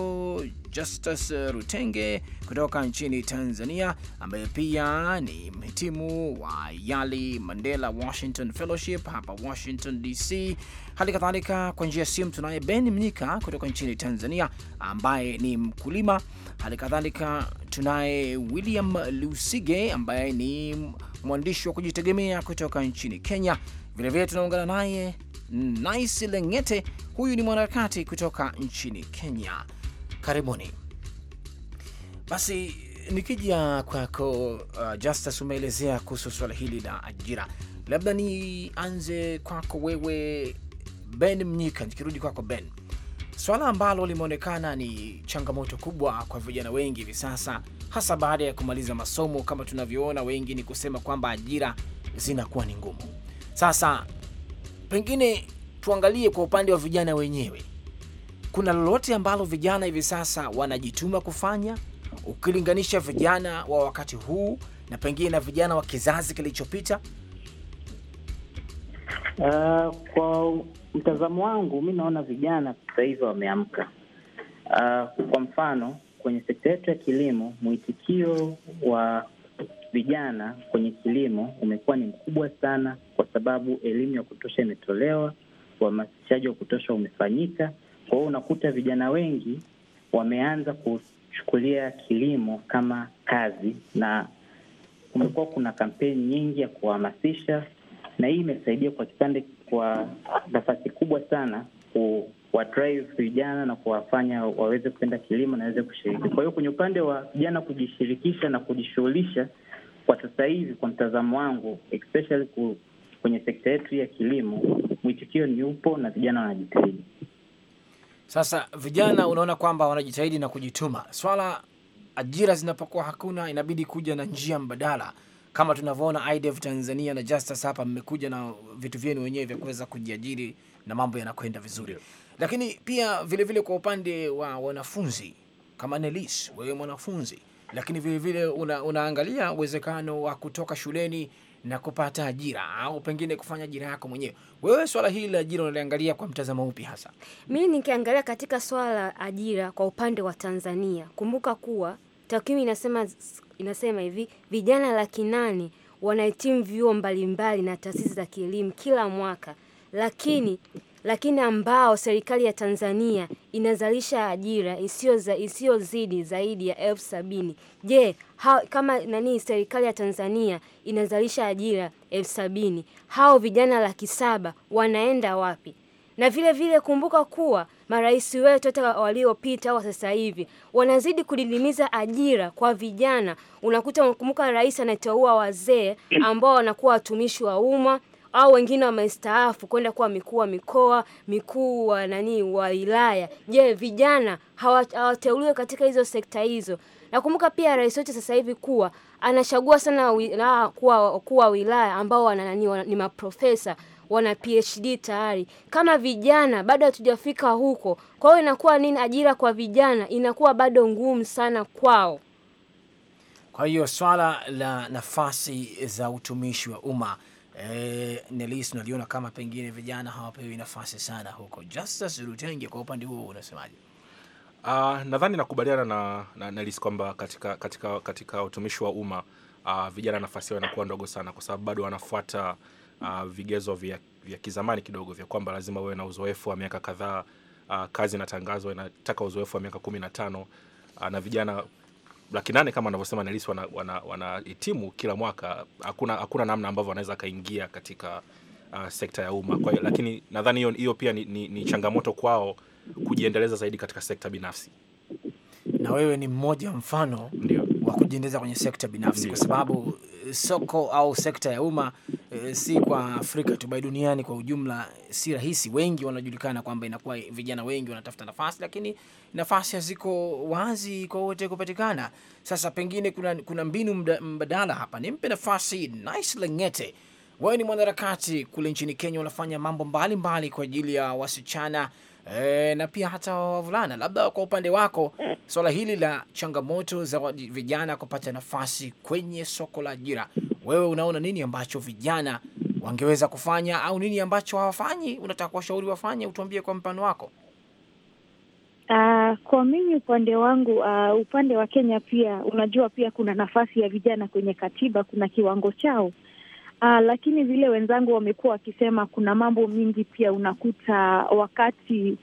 S1: Justus eh, Rutenge kutoka nchini Tanzania, ambaye pia ni mhitimu wa Yali Mandela Washington Fellowship hapa Washington DC. Hali kadhalika kwa njia ya simu tunaye Ben Mnyika kutoka nchini Tanzania, ambaye ni mkulima. Hali kadhalika tunaye William Lusige ambaye ni mwandishi wa kujitegemea kutoka nchini Kenya. Vilevile tunaungana naye Nice Lengete, huyu ni mwanaharakati kutoka nchini Kenya. Karibuni. Basi nikija kwako, uh, Justus, umeelezea kuhusu swala hili la ajira, labda nianze kwako wewe Ben Mnyika, nikirudi kwako Ben, swala ambalo limeonekana ni changamoto kubwa kwa vijana wengi hivi sasa, hasa baada ya kumaliza masomo. Kama tunavyoona, wengi ni kusema kwamba ajira zinakuwa ni ngumu. Sasa Pengine tuangalie kwa upande wa vijana wenyewe, kuna lolote ambalo vijana hivi sasa wanajituma kufanya ukilinganisha vijana wa wakati huu na pengine na vijana wa kizazi kilichopita?
S4: Uh, kwa mtazamo wangu mi naona vijana sasa hivi wameamka. Uh, kwa mfano kwenye sekta yetu ya kilimo mwitikio wa vijana kwenye kilimo umekuwa ni mkubwa sana, kwa sababu elimu ya kutosha imetolewa, uhamasishaji wa kutosha umefanyika. Kwa hiyo unakuta vijana wengi wameanza kuchukulia kilimo kama kazi, na kumekuwa kuna kampeni nyingi ya kuhamasisha, na hii imesaidia kwa kipande, kwa nafasi kubwa sana kuwa vijana na kuwafanya waweze kuenda kilimo na waweze kushiriki. Kwa hiyo kwenye upande wa vijana kujishirikisha na kujishughulisha kwa sasa hivi, kwa mtazamo wangu, especially kwenye sekta yetu ya kilimo, mwitikio ni upo na vijana
S1: wanajitahidi. Sasa vijana, unaona kwamba wanajitahidi na kujituma. Swala ajira zinapokuwa hakuna, inabidi kuja na njia mbadala kama tunavyoona IDF e Tanzania na Justus hapa mmekuja na vitu vyenu wenyewe vya kuweza kujiajiri na mambo yanakwenda vizuri yeah. Lakini pia vilevile vile kwa upande wa wanafunzi kama Nelis, wewe mwanafunzi lakini vilevile una, unaangalia uwezekano wa kutoka shuleni na kupata ajira au pengine kufanya ajira yako mwenyewe. Wewe swala hili la ajira unaliangalia kwa mtazamo upi hasa?
S7: mi nikiangalia katika swala la ajira kwa upande wa Tanzania, kumbuka kuwa takwimu inasema inasema hivi vijana laki nane wanahitimu vyuo mbalimbali na taasisi za kielimu kila mwaka, lakini lakini ambao serikali ya Tanzania inazalisha ajira isiyozidi zaidi ya elfu sabini. Je, hao, kama nani serikali ya Tanzania inazalisha ajira elfu sabini, hao vijana laki saba wanaenda wapi? Na vile vile kumbuka kuwa marais wetu hata waliopita au sasa hivi wanazidi kudidimiza ajira kwa vijana. Unakuta, kumbuka, rais anateua wazee ambao wanakuwa watumishi wa umma au wengine wamestaafu kwenda kuwa mikuu wa mikoa, mikuu wa nani wa wilaya. Je, vijana hawateuliwe katika hizo sekta hizo? Nakumbuka pia rais wote sasa hivi kuwa anachagua sana wilaya, kuwa wa wilaya ambao wana nani ni maprofesa wana PhD tayari. Kama vijana bado hatujafika huko, kwa hiyo inakuwa nini? Ajira kwa vijana inakuwa bado ngumu sana kwao.
S1: Kwa hiyo swala la nafasi za utumishi wa umma Eh, Nelis, unaliona kama pengine vijana hawapewi nafasi sana huko. Justice Rutenge, kwa upande huo unasemaje?
S6: Uh, nadhani nakubaliana na, na Nelis kwamba katika, katika, katika utumishi wa umma uh, vijana nafasi yao inakuwa ndogo sana kwa sababu bado wanafuata uh, vigezo vya, vya kizamani kidogo vya kwamba lazima uwe na uzoefu wa miaka kadhaa. Uh, kazi inatangazwa inataka uzoefu wa miaka kumi na tano uh, na vijana laki nane kama anavyosema nelis wanahitimu wana kila mwaka. Hakuna, hakuna namna ambavyo anaweza akaingia katika uh, sekta ya umma. Kwa hiyo lakini nadhani hiyo hiyo pia ni, ni, ni changamoto kwao kujiendeleza zaidi katika sekta binafsi
S1: na wewe ni mmoja mfano wa kujiendeleza kwenye sekta binafsi Ndiyo. kwa sababu soko au sekta ya umma e, si kwa Afrika tu bali duniani kwa ujumla, si rahisi. Wengi wanajulikana kwamba inakuwa vijana wengi wanatafuta nafasi, lakini nafasi haziko wazi kwa wote kupatikana. Sasa pengine kuna, kuna mbinu mbadala hapa. Nimpe nafasi Nice Lengete, wewe ni mwanaharakati kule nchini Kenya, unafanya mambo mbalimbali mbali kwa ajili ya wasichana e, na pia hata wavulana. Labda kwa upande wako swala hili la changamoto za vijana kupata nafasi kwenye soko la ajira, wewe unaona nini ambacho vijana wangeweza kufanya au nini ambacho hawafanyi, unataka kuwashauri wafanye? Utuambie kwa mpano wako.
S8: Uh, kwa mimi upande wangu uh, upande wa Kenya pia unajua, pia kuna nafasi ya vijana kwenye katiba, kuna kiwango chao Aa, ah, lakini vile wenzangu wamekuwa wakisema kuna mambo mingi pia unakuta wakati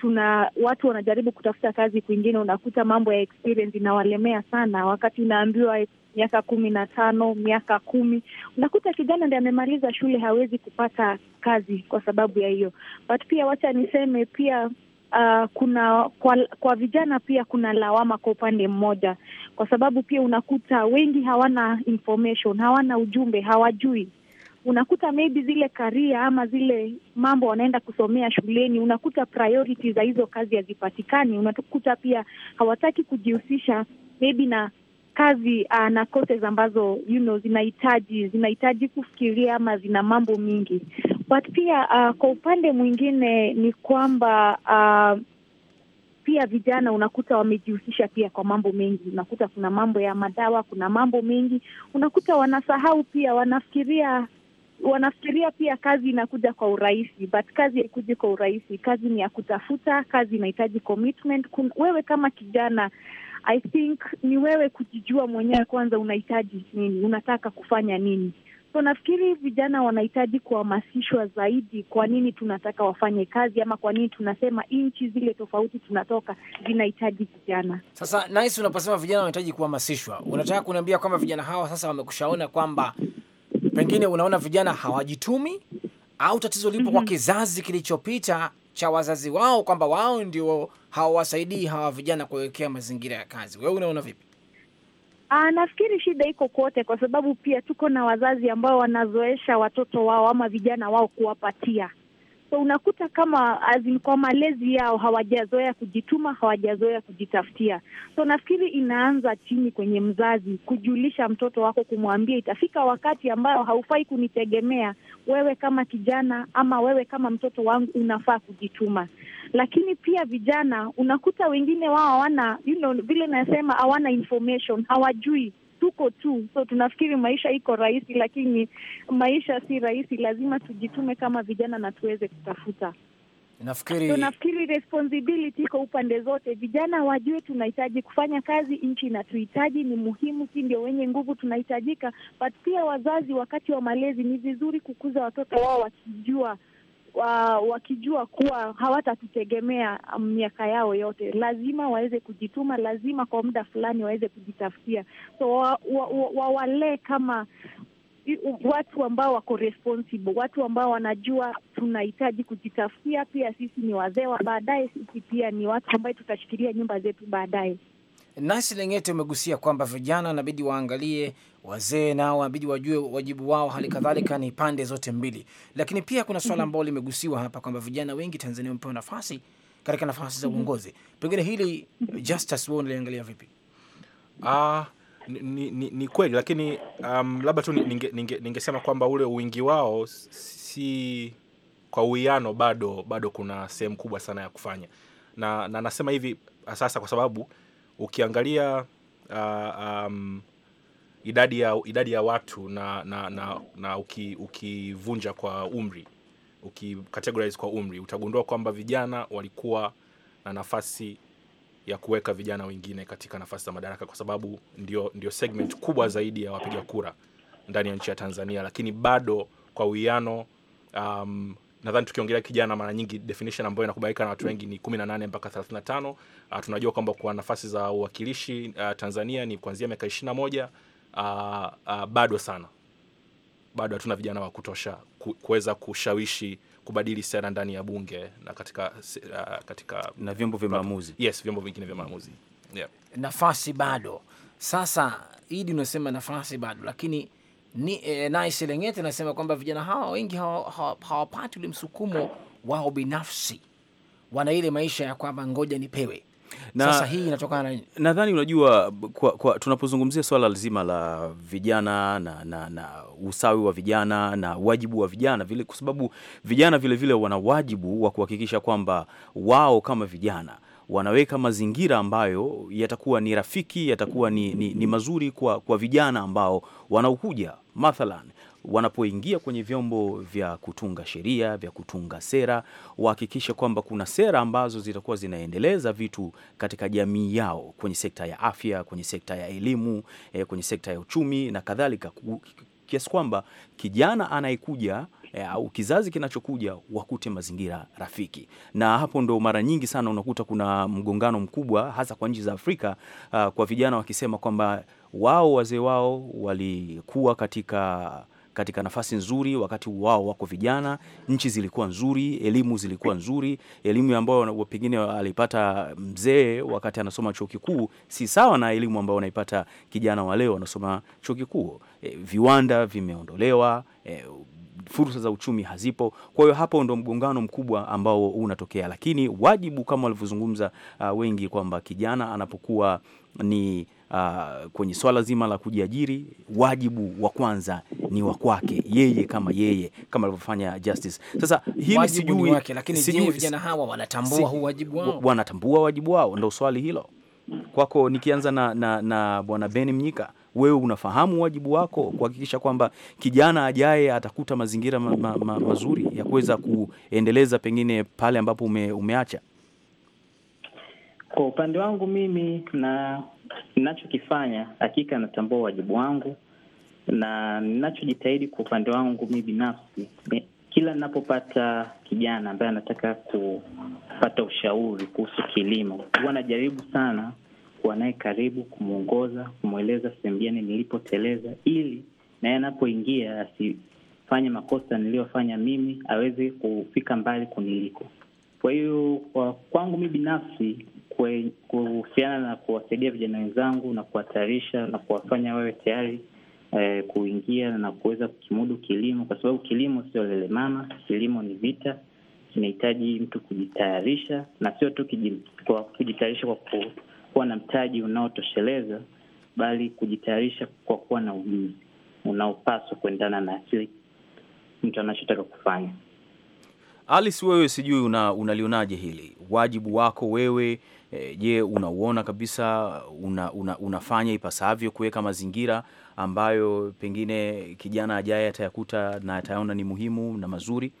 S8: tuna watu wanajaribu kutafuta kazi kwingine, unakuta mambo ya experience inawalemea sana. Wakati unaambiwa miaka kumi na tano, miaka kumi, unakuta kijana ndiye amemaliza shule hawezi kupata kazi kwa sababu ya hiyo. But pia wacha niseme pia uh, kuna kwa, kwa vijana pia kuna lawama kwa upande mmoja, kwa sababu pia unakuta wengi hawana information, hawana ujumbe, hawajui. Unakuta maybe zile karia ama zile mambo wanaenda kusomea shuleni, unakuta priority za hizo kazi hazipatikani. Unakuta pia hawataki kujihusisha maybe na kazi uh, na courses ambazo you know, zinahitaji zinahitaji kufikiria ama zina mambo mingi but pia uh, kwa upande mwingine ni kwamba uh, pia vijana unakuta wamejihusisha pia kwa mambo mengi. Unakuta kuna mambo ya madawa, kuna mambo mengi, unakuta wanasahau pia, wanafikiria wanafikiria pia kazi inakuja kwa urahisi, but kazi haikuji kwa urahisi. Kazi ni ya kutafuta, kazi inahitaji commitment. wewe kama kijana I think ni wewe kujijua mwenyewe kwanza, unahitaji nini, unataka kufanya nini So nafikiri vijana wanahitaji kuhamasishwa zaidi, kwa nini tunataka wafanye kazi ama kwa nini tunasema nchi zile tofauti tunatoka zinahitaji vijana.
S1: Sasa Nice, unaposema vijana wanahitaji kuhamasishwa, unataka kuniambia kwamba vijana hawa sasa wamekushaona kwamba pengine unaona vijana hawajitumi au tatizo lipo mm -hmm. kwa mhm. kizazi kilichopita cha wazazi wao kwamba wao ndio hawawasaidii hawa vijana kuwekea mazingira ya kazi. Wewe unaona vipi?
S8: Aa, ah, nafikiri shida iko kote, kwa sababu pia tuko na wazazi ambao wanazoesha watoto wao ama vijana wao kuwapatia so unakuta kama azim, kwa malezi yao hawajazoea kujituma, hawajazoea kujitafutia. So nafikiri inaanza chini kwenye mzazi, kujulisha mtoto wako, kumwambia itafika wakati ambayo haufai kunitegemea wewe, kama kijana ama wewe kama mtoto wangu, unafaa kujituma lakini pia vijana unakuta wengine wao hawana you know, vile nasema hawana information, hawajui tuko tu so tunafikiri maisha iko rahisi, lakini maisha si rahisi. Lazima tujitume kama vijana na tuweze kutafuta. Nafikiri so, nafikiri responsibility iko upande zote. Vijana wajue tunahitaji kufanya kazi, nchi inatuhitaji, ni muhimu, si ndio? Wenye nguvu tunahitajika, but pia wazazi, wakati wa malezi, ni vizuri kukuza watoto wao wakijua wa, wakijua kuwa hawatatutegemea um, miaka yao yote, lazima waweze kujituma, lazima kwa muda fulani waweze kujitafutia. So wawalee wa, wa, wa kama watu ambao wako responsible, watu ambao wanajua tunahitaji kujitafutia. Pia sisi ni wazee wa baadaye, sisi pia ni watu ambaye tutashikilia nyumba zetu baadaye.
S1: Nasi Lengete umegusia kwamba vijana nabidi waangalie, wazee nao wanabidi wajue wajibu wao, hali kadhalika ni pande zote mbili. Lakini pia kuna swala mhm. ambalo limegusiwa hapa kwamba vijana wengi Tanzania wamepewa nafasi katika nafasi za mhm. uongozi, pengine hili Justus, wewe unaliangalia vipi?
S6: Ah, ni, ni, ni kweli lakini um, labda tu ningesema ninge, ninge kwamba ule wingi wao si kwa uwiano, bado bado kuna sehemu kubwa sana ya kufanya, na, na nasema hivi sasa kwa sababu ukiangalia uh, um, idadi ya idadi ya watu na na, na, na ukivunja uki kwa umri ukicategorize kwa umri utagundua kwamba vijana walikuwa na nafasi ya kuweka vijana wengine katika nafasi za madaraka, kwa sababu ndio, ndio segment kubwa zaidi ya wapiga kura ndani ya nchi ya Tanzania, lakini bado kwa uwiano um, nadhani tukiongelea kijana, mara nyingi definition ambayo inakubalika na watu wengi ni 18 mpaka 35. Uh, ah, tunajua kwamba kwa nafasi za uwakilishi uh, Tanzania ni kuanzia miaka 21. Uh, uh, bado sana, bado hatuna vijana wa kutosha kuweza kushawishi kubadili sera ndani ya bunge na katika, uh, katika na vyombo vya maamuzi. Yes, vyombo vingine vya maamuzi
S1: yeah. Nafasi bado. Sasa Idi, unasema nafasi bado, lakini ni eh, naye Serengeti anasema kwamba vijana hawa wengi hawapati ule msukumo wao binafsi, wana ile maisha ya kwamba ngoja nipewe na, sasa hii inatokana na
S2: nadhani unajua kwa, kwa, tunapozungumzia swala zima la vijana na, na, na usawi wa vijana na wajibu wa vijana vile, kwa sababu vijana vilevile wana wajibu wa kuhakikisha kwamba wao kama vijana wanaweka mazingira ambayo yatakuwa ni rafiki, yatakuwa ni, ni, ni mazuri kwa, kwa vijana ambao wanaokuja mathalan wanapoingia kwenye vyombo vya kutunga sheria vya kutunga sera, wahakikishe kwamba kuna sera ambazo zitakuwa zinaendeleza vitu katika jamii yao, kwenye sekta ya afya, kwenye sekta ya elimu, eh, kwenye sekta ya uchumi na kadhalika, kiasi kwamba kijana anayekuja Eh, au kizazi kinachokuja wakute mazingira rafiki, na hapo ndo mara nyingi sana unakuta kuna mgongano mkubwa hasa kwa nchi za Afrika uh, kwa vijana wakisema kwamba wao wazee wao walikuwa katika katika nafasi nzuri wakati wao wako vijana, nchi zilikuwa nzuri, elimu zilikuwa nzuri. Elimu ambayo pengine alipata mzee wakati anasoma chuo kikuu si sawa na elimu ambayo anaipata kijana wa leo anasoma chuo kikuu. E, viwanda vimeondolewa, e, fursa za uchumi hazipo. Kwa hiyo hapo ndo mgongano mkubwa ambao unatokea, lakini wajibu kama walivyozungumza uh, wengi kwamba kijana anapokuwa ni uh, kwenye swala zima la kujiajiri, wajibu wa kwanza ni wa kwake yeye kama yeye kama alivyofanya Justice. Sasa hili sijui wake, lakini sijui vijana hawa wanatambua si, huu wajibu wao, wanatambua wajibu wao, ndio swali hilo kwako. Nikianza na, na, na bwana ben Mnyika wewe unafahamu wajibu wako kuhakikisha kwamba kijana ajaye atakuta mazingira ma, ma, ma, mazuri ya kuweza kuendeleza pengine pale ambapo ume, umeacha?
S4: Kwa upande wangu mimi na ninachokifanya, hakika natambua wajibu wangu na ninachojitahidi kwa upande wangu mi binafsi, kila ninapopata kijana ambaye anataka kupata ushauri kuhusu kilimo, huwa najaribu sana kuwa naye karibu, kumwongoza, kumweleza sehemu gani nilipoteleza, ili naye anapoingia asifanye makosa niliyofanya mimi, aweze kufika mbali kuniliko. Kwa hiyo kwa kwangu mi binafsi kuhusiana na kuwasaidia vijana wenzangu na kuwatayarisha na kuwafanya wawe tayari eh, kuingia na kuweza kukimudu kilimo, kwa sababu kilimo sio lelemama. Kilimo ni vita, kinahitaji mtu kujitayarisha, na sio tu kujitayarisha kwa ku kuwa na mtaji unaotosheleza, bali kujitayarisha kwa kuwa na ujuzi unaopaswa kuendana na kile mtu anachotaka kufanya.
S2: Alice, wewe sijui una, unalionaje hili wajibu wako wewe? E, je, unauona kabisa una, una, unafanya ipasavyo kuweka mazingira ambayo pengine kijana ajaye atayakuta na atayaona ni muhimu na mazuri?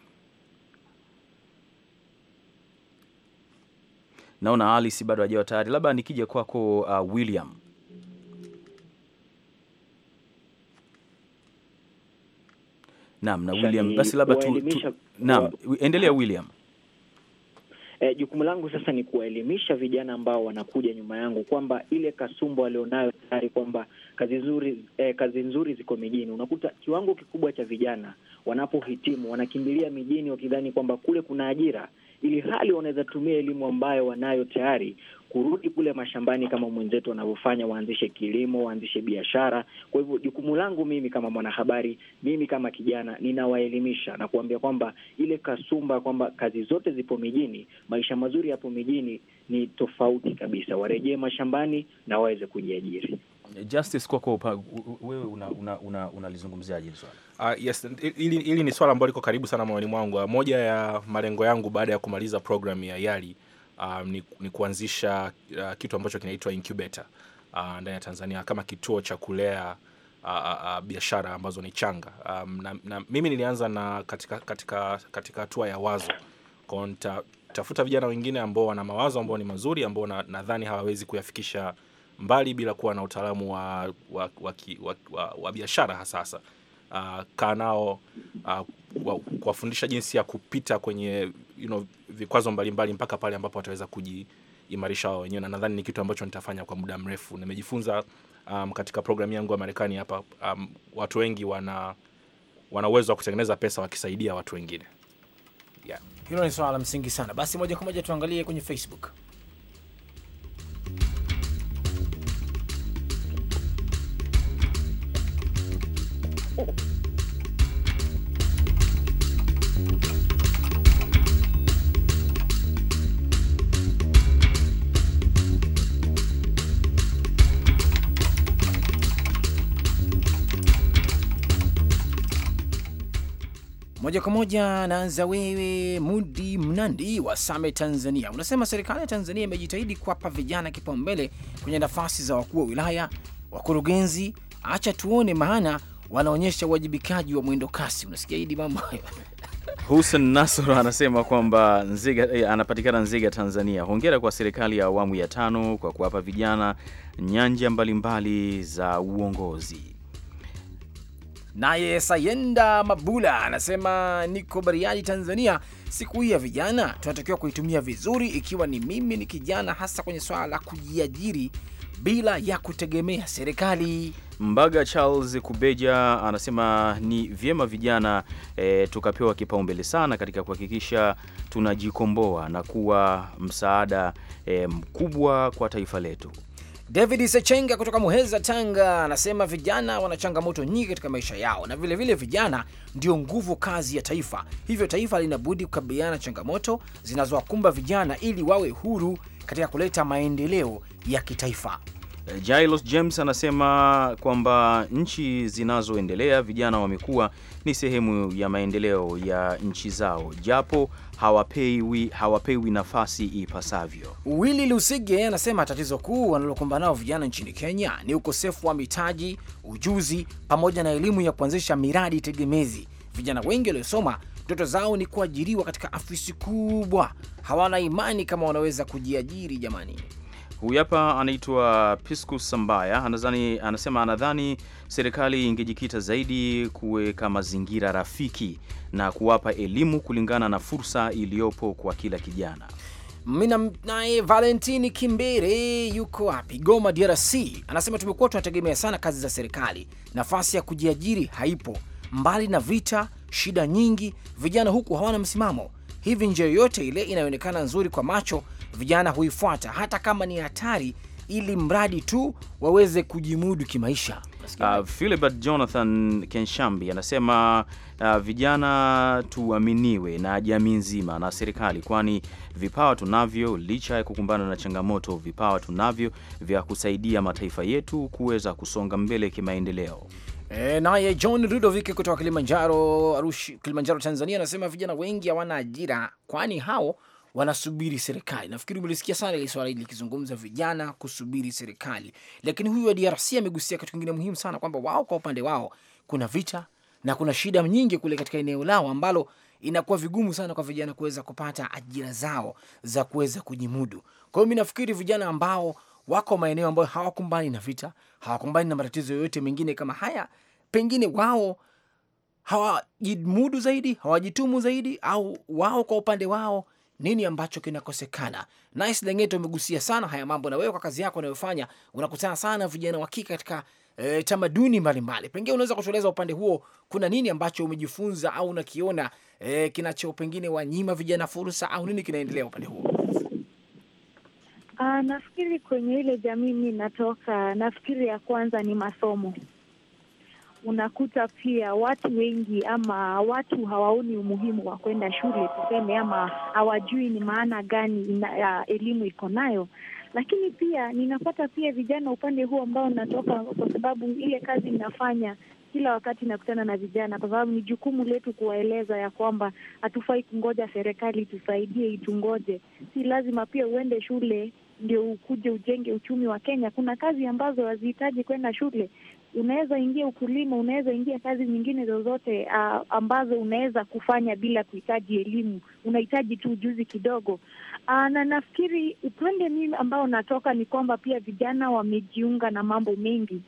S2: naona Alice bado hajawa tayari, labda nikija kwako uh, William. Naam, na William basi labda tu, tu, naam, endelea William.
S5: E, jukumu langu sasa ni kuwaelimisha vijana ambao wanakuja nyuma yangu kwamba ile kasumbo alionayo tayari kwamba kazi nzuri e, kazi nzuri ziko mijini. Unakuta kiwango kikubwa cha vijana wanapohitimu wanakimbilia mijini wakidhani kwamba kule kuna ajira ili hali wanaweza tumia elimu ambayo wanayo tayari kurudi kule mashambani kama mwenzetu wanavyofanya, waanzishe kilimo, waanzishe biashara. Kwa hivyo jukumu langu mimi kama mwanahabari, mimi kama kijana, ninawaelimisha na kuambia kwamba ile kasumba kwamba kazi zote zipo mijini, maisha mazuri yapo mijini ni tofauti kabisa. Warejee mashambani na waweze
S6: kujiajiri. Justice, kwako kwa wewe unalizungumziaje una, una, una hili swala? Uh, yes, ili, ili ni swala ambalo liko karibu sana moyoni mwangu. Ah, moja ya malengo yangu baada ya kumaliza programu ya YALI uh, ni, ni kuanzisha uh, kitu ambacho kinaitwa incubator uh, ndani ya Tanzania kama kituo cha kulea uh, uh, biashara ambazo ni changa um, na, na mimi nilianza na katika katika katika hatua ya wazo kwa tafuta vijana wengine ambao wana mawazo ambao ni mazuri ambao nadhani na hawawezi kuyafikisha mbali bila kuwa na utaalamu wa, wa, wa, wa, wa, wa biashara hasa hasa uh, kaa nao uh, kuwafundisha jinsi ya kupita kwenye you know, vikwazo mbalimbali mpaka pale ambapo wataweza kujiimarisha wao wenyewe, na nadhani ni kitu ambacho nitafanya kwa muda mrefu. Nimejifunza um, katika programu yangu ya Marekani hapa um, watu wengi wana wana uwezo wa kutengeneza pesa wakisaidia watu wengine
S1: yeah. Hilo ni swala la msingi sana. Basi moja kwa moja tuangalie kwenye Facebook. Moja kwa moja naanza wewe, Mudi Mnandi wa Same, Tanzania. Unasema serikali ya Tanzania imejitahidi kuwapa vijana kipaumbele kwenye nafasi za wakuu wa wilaya, wakurugenzi. Acha tuone, maana wanaonyesha uwajibikaji wa mwendo kasi. Unasikia hidi mambo hayo.
S2: Hussein Nasr anasema kwamba Nziga, eh, anapatikana Nzega Tanzania. Hongera kwa serikali ya awamu ya tano kwa kuwapa vijana nyanja mbalimbali mbali za uongozi.
S1: Naye Sayenda Mabula anasema niko Bariadi, Tanzania. Siku hii ya vijana tunatakiwa kuitumia vizuri, ikiwa ni mimi ni kijana, hasa kwenye swala la kujiajiri bila ya kutegemea serikali.
S2: Mbaga Charles Kubeja anasema ni vyema vijana e, tukapewa kipaumbele sana katika kuhakikisha tunajikomboa na kuwa msaada e, mkubwa kwa taifa letu.
S1: David Sechenga kutoka Muheza, Tanga, anasema vijana wana changamoto nyingi katika maisha yao, na vilevile vile vijana ndio nguvu kazi ya taifa, hivyo taifa linabudi kukabiliana na changamoto zinazowakumba vijana ili wawe huru katika kuleta maendeleo ya kitaifa. Eh,
S2: Jailos James anasema kwamba nchi zinazoendelea vijana wamekuwa ni sehemu ya maendeleo ya nchi zao japo hawapewi, hawapewi nafasi ipasavyo.
S1: Willy Lusige anasema tatizo kuu wanalokumbana nao vijana nchini Kenya ni ukosefu wa mitaji, ujuzi pamoja na elimu ya kuanzisha miradi tegemezi. Vijana wengi waliosoma ndoto zao ni kuajiriwa katika afisi kubwa, hawana imani kama wanaweza kujiajiri. Jamani.
S2: Huyu hapa anaitwa Piscus Sambaya, anadhani anasema, anadhani serikali ingejikita zaidi kuweka mazingira rafiki na kuwapa elimu kulingana na fursa iliyopo kwa kila kijana.
S1: Mina naye Valentini Kimbere yuko wapi? Goma, DRC, anasema tumekuwa tunategemea sana kazi za serikali, nafasi ya kujiajiri haipo. Mbali na vita, shida nyingi, vijana huku hawana msimamo. Hivi njia yoyote ile inayoonekana nzuri kwa macho vijana huifuata hata kama ni hatari, ili mradi tu waweze kujimudu kimaisha. Uh,
S2: Philibert Jonathan Kenshambi anasema uh, vijana tuaminiwe na jamii nzima na serikali, kwani vipawa tunavyo, licha ya kukumbana na changamoto, vipawa tunavyo vya kusaidia mataifa
S1: yetu kuweza kusonga mbele kimaendeleo. E, naye John rudovik kutoka Kilimanjaro, Arusha, Kilimanjaro Tanzania anasema vijana wengi hawana ajira, kwani hao wanasubiri serikali. Nafikiri mlisikia sana ile swala hili likizungumza vijana kusubiri serikali, lakini huyu wa DRC amegusia kitu kingine muhimu sana, kwamba wao kwa upande wao kuna vita na kuna shida nyingi kule katika eneo lao ambalo inakuwa vigumu sana kwa vijana kuweza kupata ajira zao za kuweza kujimudu. Kwa hiyo mi nafikiri vijana ambao wako maeneo ambayo hawakumbani na vita, hawakumbani na matatizo yoyote mengine kama haya, pengine wao hawajimudu zaidi, hawajitumu zaidi, au wao kwa upande wao nini ambacho kinakosekana. Nice Lengeto, umegusia sana haya mambo, na wewe kwa kazi yako unayofanya unakutana sana na vijana wa kike katika e, tamaduni mbalimbali, pengine unaweza kutueleza upande huo, kuna nini ambacho umejifunza au unakiona e, kinacho pengine wanyima vijana fursa au nini kinaendelea upande huo?
S8: Uh, nafikiri kwenye ile jamii mi natoka, nafikiri ya kwanza ni masomo unakuta pia watu wengi ama watu hawaoni umuhimu wa kwenda shule tuseme, ama hawajui ni maana gani ina, ya elimu iko nayo lakini pia ninapata pia vijana upande huo ambao natoka, kwa sababu ile kazi ninafanya kila wakati nakutana na vijana, kwa sababu ni jukumu letu kuwaeleza ya kwamba hatufai kungoja serikali itusaidie, itungoje. Si lazima pia uende shule ndio ukuje ujenge uchumi wa Kenya. Kuna kazi ambazo hazihitaji kwenda shule unaweza ingia ukulima, unaweza ingia kazi nyingine zozote uh, ambazo unaweza kufanya bila kuhitaji elimu. Unahitaji tu ujuzi kidogo. Uh, na nafikiri upande mimi ambao natoka ni kwamba pia vijana wamejiunga na mambo mengi.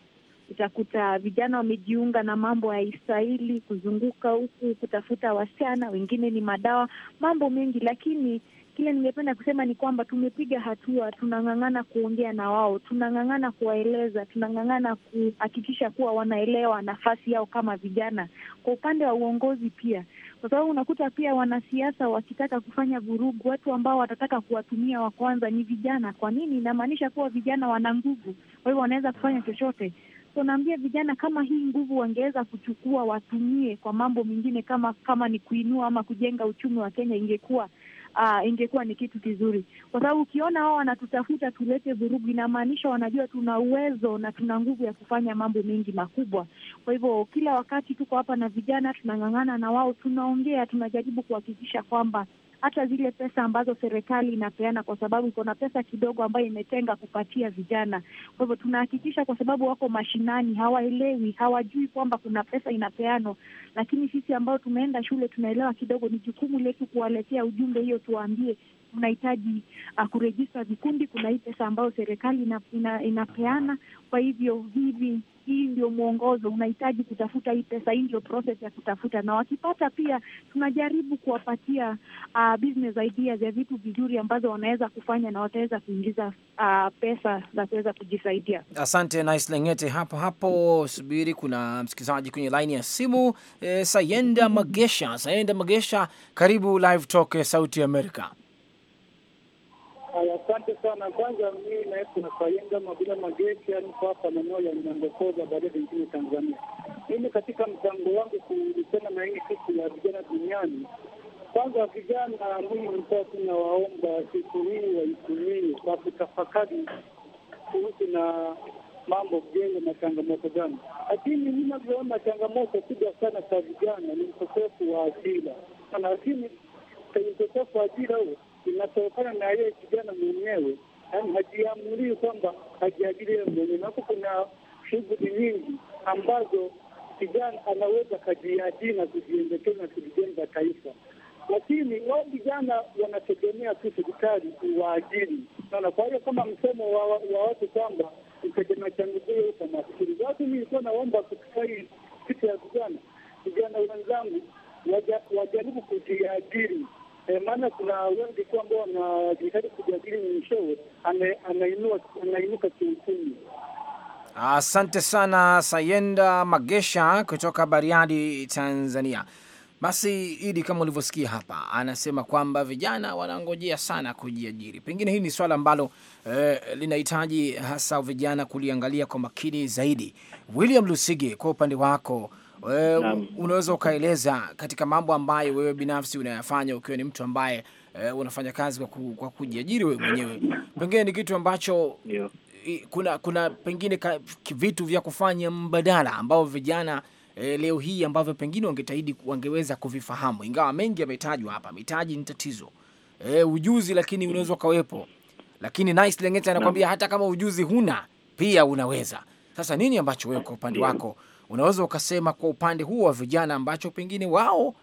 S8: Utakuta vijana wamejiunga na mambo ya Israeli, kuzunguka huku, kutafuta wasichana, wengine ni madawa, mambo mengi, lakini Kile ningependa kusema ni kwamba tumepiga hatua, tunang'ang'ana kuongea na wao, tunang'ang'ana kuwaeleza, tunang'ang'ana kuhakikisha kuwa wanaelewa nafasi yao kama vijana, kwa upande wa uongozi pia, kwa sababu unakuta pia wanasiasa wakitaka kufanya vurugu, watu ambao watataka kuwatumia wa kwanza ni vijana. Kwa nini? Inamaanisha kuwa vijana wana nguvu, kwa hivyo wanaweza kufanya chochote. So naambia vijana kama hii nguvu wangeweza kuchukua watumie kwa mambo mengine, kama kama ni kuinua ama kujenga uchumi wa Kenya, ingekuwa uh, ingekuwa ni kitu kizuri, kwa sababu ukiona hao wanatutafuta tulete vurugu, inamaanisha wanajua tuna uwezo na tuna nguvu ya kufanya mambo mengi makubwa. Kwa hivyo kila wakati tuko hapa na vijana, tunang'ang'ana na wao, tunaongea, tunajaribu kuhakikisha kwamba hata zile pesa ambazo serikali inapeana, kwa sababu iko na pesa kidogo ambayo imetenga kupatia vijana. Kwa hivyo tunahakikisha, kwa sababu wako mashinani, hawaelewi, hawajui kwamba kuna pesa inapeanwa, lakini sisi ambao tumeenda shule tunaelewa kidogo. Ni jukumu letu kuwaletea ujumbe hiyo, tuwaambie unahitaji uh, kurejista vikundi. Kuna hii pesa ambayo serikali ina, ina, inapeana. Kwa hivyo hivi hii ndio mwongozo, unahitaji kutafuta hii pesa, hii ndio proses ya kutafuta. Na wakipata pia, tunajaribu kuwapatia uh, business ideas ya vitu vizuri ambazo wanaweza kufanya na wataweza kuingiza uh, pesa za kuweza kujisaidia.
S1: Asante Nice Lengete. Hapo hapo subiri, kuna msikilizaji kwenye laini ya simu eh, Sayenda Magesha. Sayenda Magesha, karibu Live Talk eh, Sauti Amerika.
S9: Asante sana. Kwanza mi naitwa Kayenga Mabula Mageti, niko yaani hapa maeneo ya Nyangokoza Barede nchini Tanzania. Mimi katika mchango wangu kuhusiana na hii siku ya vijana duniani, kwanza vijana, mimi nilikuwa waomba siku hii waitumie kwa kutafakari kuhusu na mambo gene na changamoto gani, lakini ninavyoona changamoto kubwa sana kwa vijana ni ukosefu wa ajira, lakini ukosefu wa ajira huo inatokana na yeye kijana mwenyewe, yaani hajiamulii kwamba hajiajiri yeye mwenyewe, na huku kuna shughuli nyingi ambazo kijana anaweza kajiajiri na kujiendekeza na kujijenga taifa, lakini wao vijana wanategemea tu serikali kuwaajiri. Naona kwa hiyo kama msemo wa, wa watu kwamba mtegemea changuzio uko maskini. Watu nilikuwa naomba kupitia hii ya vijana, vijana wenzangu wajaribu kujiajiri Eh, maana kuna wengi tu ambao wanajitahidi kujiajiri ni mwishowe anainuka kiuchumi.
S1: Asante sana Sayenda Magesha kutoka Bariadi, Tanzania. Basi Idi, kama ulivyosikia hapa, anasema kwamba vijana wanangojea sana kujiajiri. Pengine hii ni swala ambalo eh, linahitaji hasa vijana kuliangalia kwa makini zaidi. William Lusige, kwa upande wako Eh, unaweza ukaeleza katika mambo ambayo wewe binafsi unayafanya ukiwa ni mtu ambaye e, unafanya kazi kwa, ku, kwa kujiajiri wewe mwenyewe, pengine ni kitu ambacho Kuna, kuna pengine ka, vitu vya kufanya mbadala ambao vijana e, leo hii ambavyo pengine wangetahidi wangeweza kuvifahamu, ingawa mengi yametajwa hapa. Mitaji ni tatizo e, ujuzi lakini unaweza ukawepo, lakini Nice Lengeta anakuambia hata kama ujuzi huna pia unaweza. Sasa nini ambacho wewe kwa upande wako unaweza ukasema kwa upande huo wa vijana ambacho pengine wao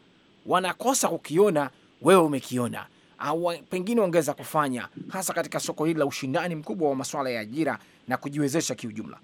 S1: wanakosa kukiona, wewe umekiona au pengine wangeweza kufanya, hasa katika soko hili la ushindani mkubwa wa masuala ya ajira na kujiwezesha kiujumla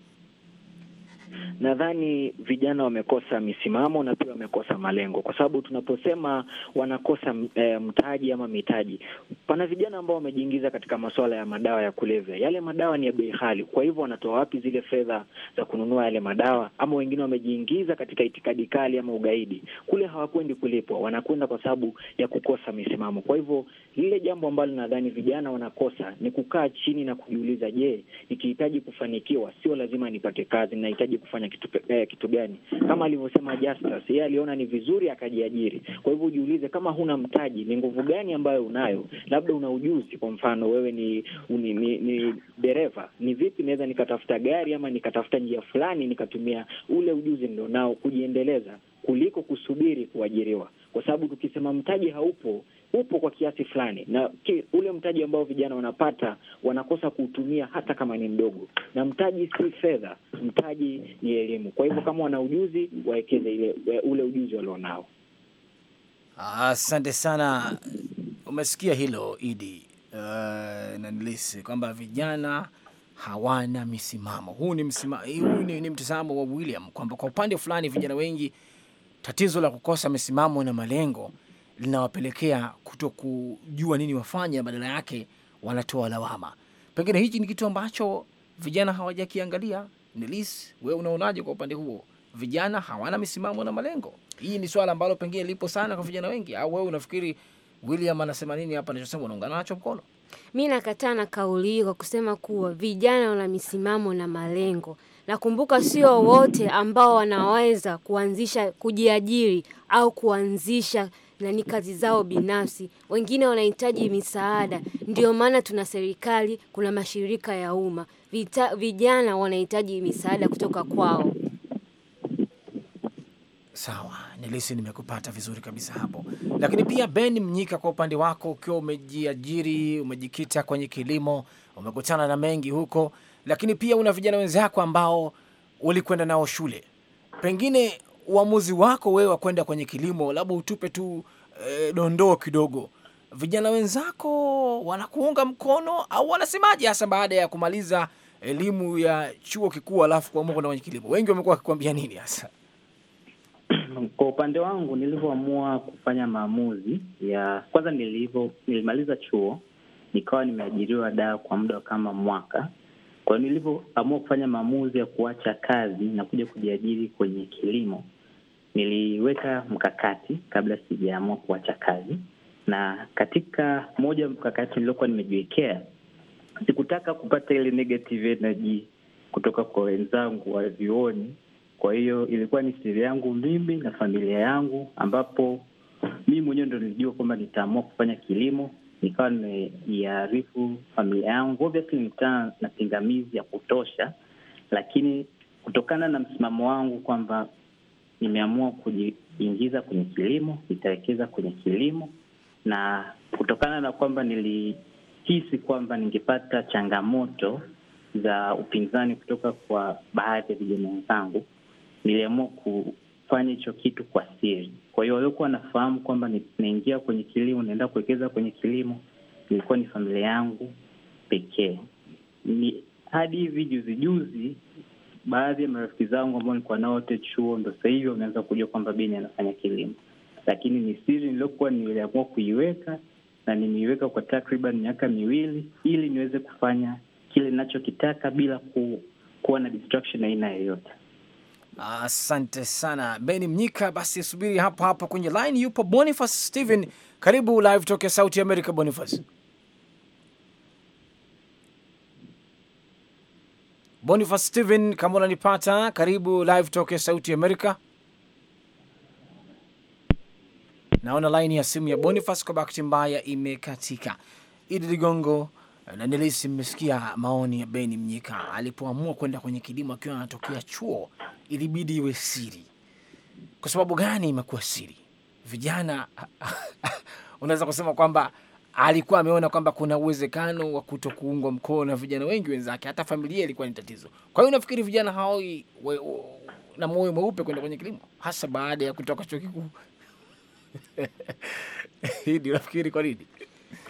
S5: nadhani vijana wamekosa misimamo na pia wamekosa malengo, kwa sababu tunaposema wanakosa e, mtaji ama mitaji, pana vijana ambao wamejiingiza katika masuala ya madawa ya kulevya. Yale madawa ni ya bei ghali, kwa hivyo wanatoa wapi zile fedha za kununua yale madawa? Ama wengine wamejiingiza katika itikadi kali ama ugaidi, kule hawakwendi kulipwa, wanakwenda kwa sababu ya kukosa misimamo. Kwa hivyo lile jambo ambalo nadhani vijana wanakosa ni kukaa chini na kujiuliza, je, nikihitaji kufanikiwa sio lazima nipate kazi, nahitaji kufanya kitu, eh, kitu gani. Kama alivyosema Justus, yeye aliona ni vizuri akajiajiri. Kwa hivyo ujiulize, kama huna mtaji, ni nguvu gani ambayo unayo? Labda una ujuzi, kwa mfano wewe ni ni, ni, ni dereva, ni vipi naweza nikatafuta gari ama nikatafuta njia fulani nikatumia ule ujuzi nilionao kujiendeleza kuliko kusubiri kuajiriwa kwa sababu tukisema mtaji haupo, upo kwa kiasi fulani, na ule mtaji ambao vijana wanapata wanakosa kuutumia hata kama ni mdogo. Na mtaji si fedha, mtaji ni elimu. Kwa hivyo kama wana ujuzi wawekeze ile ule ujuzi walionao.
S1: Asante ah, sana. Umesikia hilo Idi uh, eh, nanilisi kwamba vijana hawana misimamo. Huu ni msimamo, huu ni, ni mtazamo wa William kwamba kwa upande fulani vijana wengi tatizo la kukosa misimamo na malengo linawapelekea kuto kujua nini wafanya, badala yake wanatoa lawama. Pengine hichi ni kitu ambacho vijana hawajakiangalia. Nilis, wewe unaonaje kwa upande huo? Vijana hawana misimamo na malengo, hii ni swala ambalo pengine lipo sana kwa vijana wengi, au wewe unafikiri William anasema nini hapa? Nachosema unaungana nacho mkono?
S7: Mi nakataa na kauli hii kwa kusema kuwa vijana wana misimamo na malengo. Nakumbuka sio wote ambao wanaweza kuanzisha kujiajiri au kuanzisha nani kazi zao binafsi. Wengine wanahitaji misaada. Ndio maana tuna serikali, kuna mashirika ya umma. Vijana wanahitaji misaada kutoka kwao.
S1: Sawa, nilisi nimekupata vizuri kabisa hapo. Lakini pia Ben Mnyika, kwa upande wako, ukiwa umejiajiri, umejikita kwenye kilimo, umekutana na mengi huko, lakini pia una vijana wenzako ambao ulikwenda nao shule. Pengine uamuzi wako wewe wa kwenda kwenye kilimo, labda utupe tu e, dondoo kidogo, vijana wenzako wanakuunga mkono au wanasemaje, hasa baada ya kumaliza elimu ya chuo kikuu alafu kuamua kwenda kwenye kilimo? Wengi wamekuwa wakikuambia nini hasa?
S4: Kwa upande wangu nilivyoamua kufanya maamuzi ya kwanza, nilivyo nilimaliza chuo nikawa nimeajiriwa daa kwa muda kama mwaka kwa hiyo nilivyoamua kufanya maamuzi ya kuacha kazi na kuja kujiajiri kwenye kilimo, niliweka mkakati kabla sijaamua kuacha kazi, na katika moja mkakati niliokuwa nimejiwekea, sikutaka kupata ile negative energy kutoka kwa wenzangu wa vioni. Kwa hiyo ilikuwa ni siri yangu mimi na familia yangu, ambapo mimi mwenyewe ndo nilijua kwamba nitaamua kufanya kilimo nikawa nimeiarifu familia yangu. Obviously nilikutana na pingamizi ya kutosha, lakini kutokana na msimamo wangu kwamba nimeamua kujiingiza kwenye kilimo, nitawekeza kwenye kilimo, na kutokana na kwamba nilihisi kwamba ningepata changamoto za upinzani kutoka kwa baadhi ya vijana wenzangu, niliamua kufanya hicho kitu kwa siri. Kwa hiyo waliokuwa wanafahamu kwamba naingia kwenye kilimo, naenda kuwekeza kwenye kilimo, ilikuwa ni familia yangu pekee. Ni hadi hivi juzi juzi, baadhi ya marafiki zangu ambao nilikuwa nao wote chuo, ndo sasa hivi wameanza kujua kwamba Beni anafanya kilimo, lakini ni siri niliokuwa niliamua kuiweka na nimeiweka kwa takriban miaka miwili ili niweze kufanya kile ninachokitaka bila ku, kuwa na distraction aina yoyote.
S1: Asante sana Beni Mnyika. Basi subiri hapo hapo kwenye line, yupo Boniface Steven. Karibu live tokea Sauti America. Boniface, Boniface Steven, kama unanipata, karibu live tokea Sauti America. Naona line ya simu ya Boniface kwa bahati mbaya imekatika. Idi Ligongo na nilisi mmesikia maoni ya Beni Mnyika. Alipoamua kwenda kwenye kilimo akiwa anatokea chuo, ilibidi iwe siri. Kwa sababu gani imekuwa siri? Vijana unaweza kusema kwamba alikuwa ameona kwamba kuna uwezekano wa kuto kuungwa mkono na vijana wengi wenzake, hata familia ilikuwa ni tatizo. Kwa hiyo unafikiri vijana hawai na moyo mweupe kwenda kwenye kilimo, hasa baada ya kutoka chuo kikuu hii ndio nafikiri kwa nini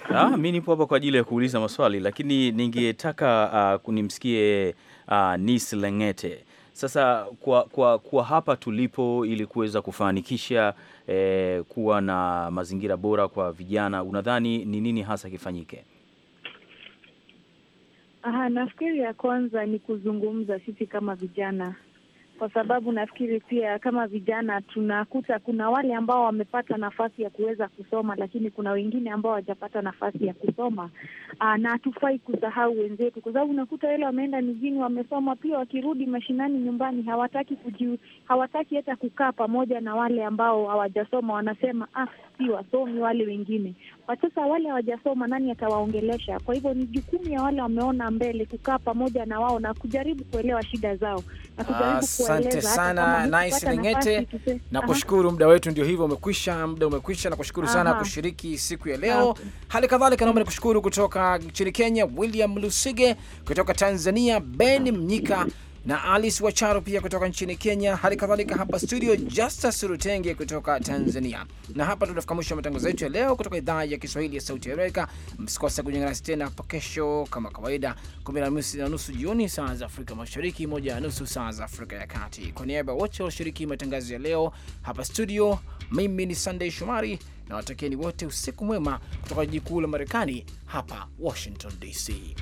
S2: Ah, mi nipo hapa kwa ajili ya kuuliza maswali, lakini ningetaka uh, kunimsikie uh, Nis Lengete sasa kwa, kwa, kwa hapa tulipo ili kuweza kufanikisha eh, kuwa na mazingira bora kwa vijana, unadhani ni nini hasa kifanyike?
S8: Aha, nafikiri ya kwanza ni kuzungumza sisi kama vijana kwa sababu nafikiri pia kama vijana tunakuta kuna wale ambao wamepata nafasi ya kuweza kusoma, lakini kuna wengine ambao hawajapata nafasi ya kusoma. Aa, ah, na hatufai kusahau wenzetu, kwa sababu unakuta wale wameenda mijini wamesoma, pia wakirudi mashinani nyumbani hawataki kuji, hawataki hata kukaa pamoja na wale ambao hawajasoma, wanasema ah, si wasomi wale wengine. Kwa sasa wale hawajasoma, nani atawaongelesha? Kwa hivyo ni jukumu ya wale wameona mbele kukaa pamoja na wao na kujaribu kuelewa shida zao na kujaribu asante sana Nice Ningete, na kushukuru.
S1: Muda wetu ndio hivyo umekwisha, muda umekwisha, na kushukuru sana Aha. kushiriki siku ya leo Hali kadhalika naomba nikushukuru kutoka nchini Kenya William Lusige, kutoka Tanzania Ben Mnyika na Alice Wacharu pia kutoka nchini Kenya, hali kadhalika hapa studio Justa Rutenge kutoka Tanzania. Na hapa tunafika mwisho wa matangazo yetu ya leo kutoka idhaa ya Kiswahili ya Sauti ya Amerika. Msikose kujiunga nasi tena hapo kesho kama kawaida, kumi na nusu jioni saa za Afrika Mashariki, moja na nusu saa za Afrika ya Kati. Kwa niaba ya wote walioshiriki matangazo ya leo hapa studio, mimi ni Sunday Shomari na watakieni wote usiku mwema kutoka jiji kuu la Marekani hapa Washington DC.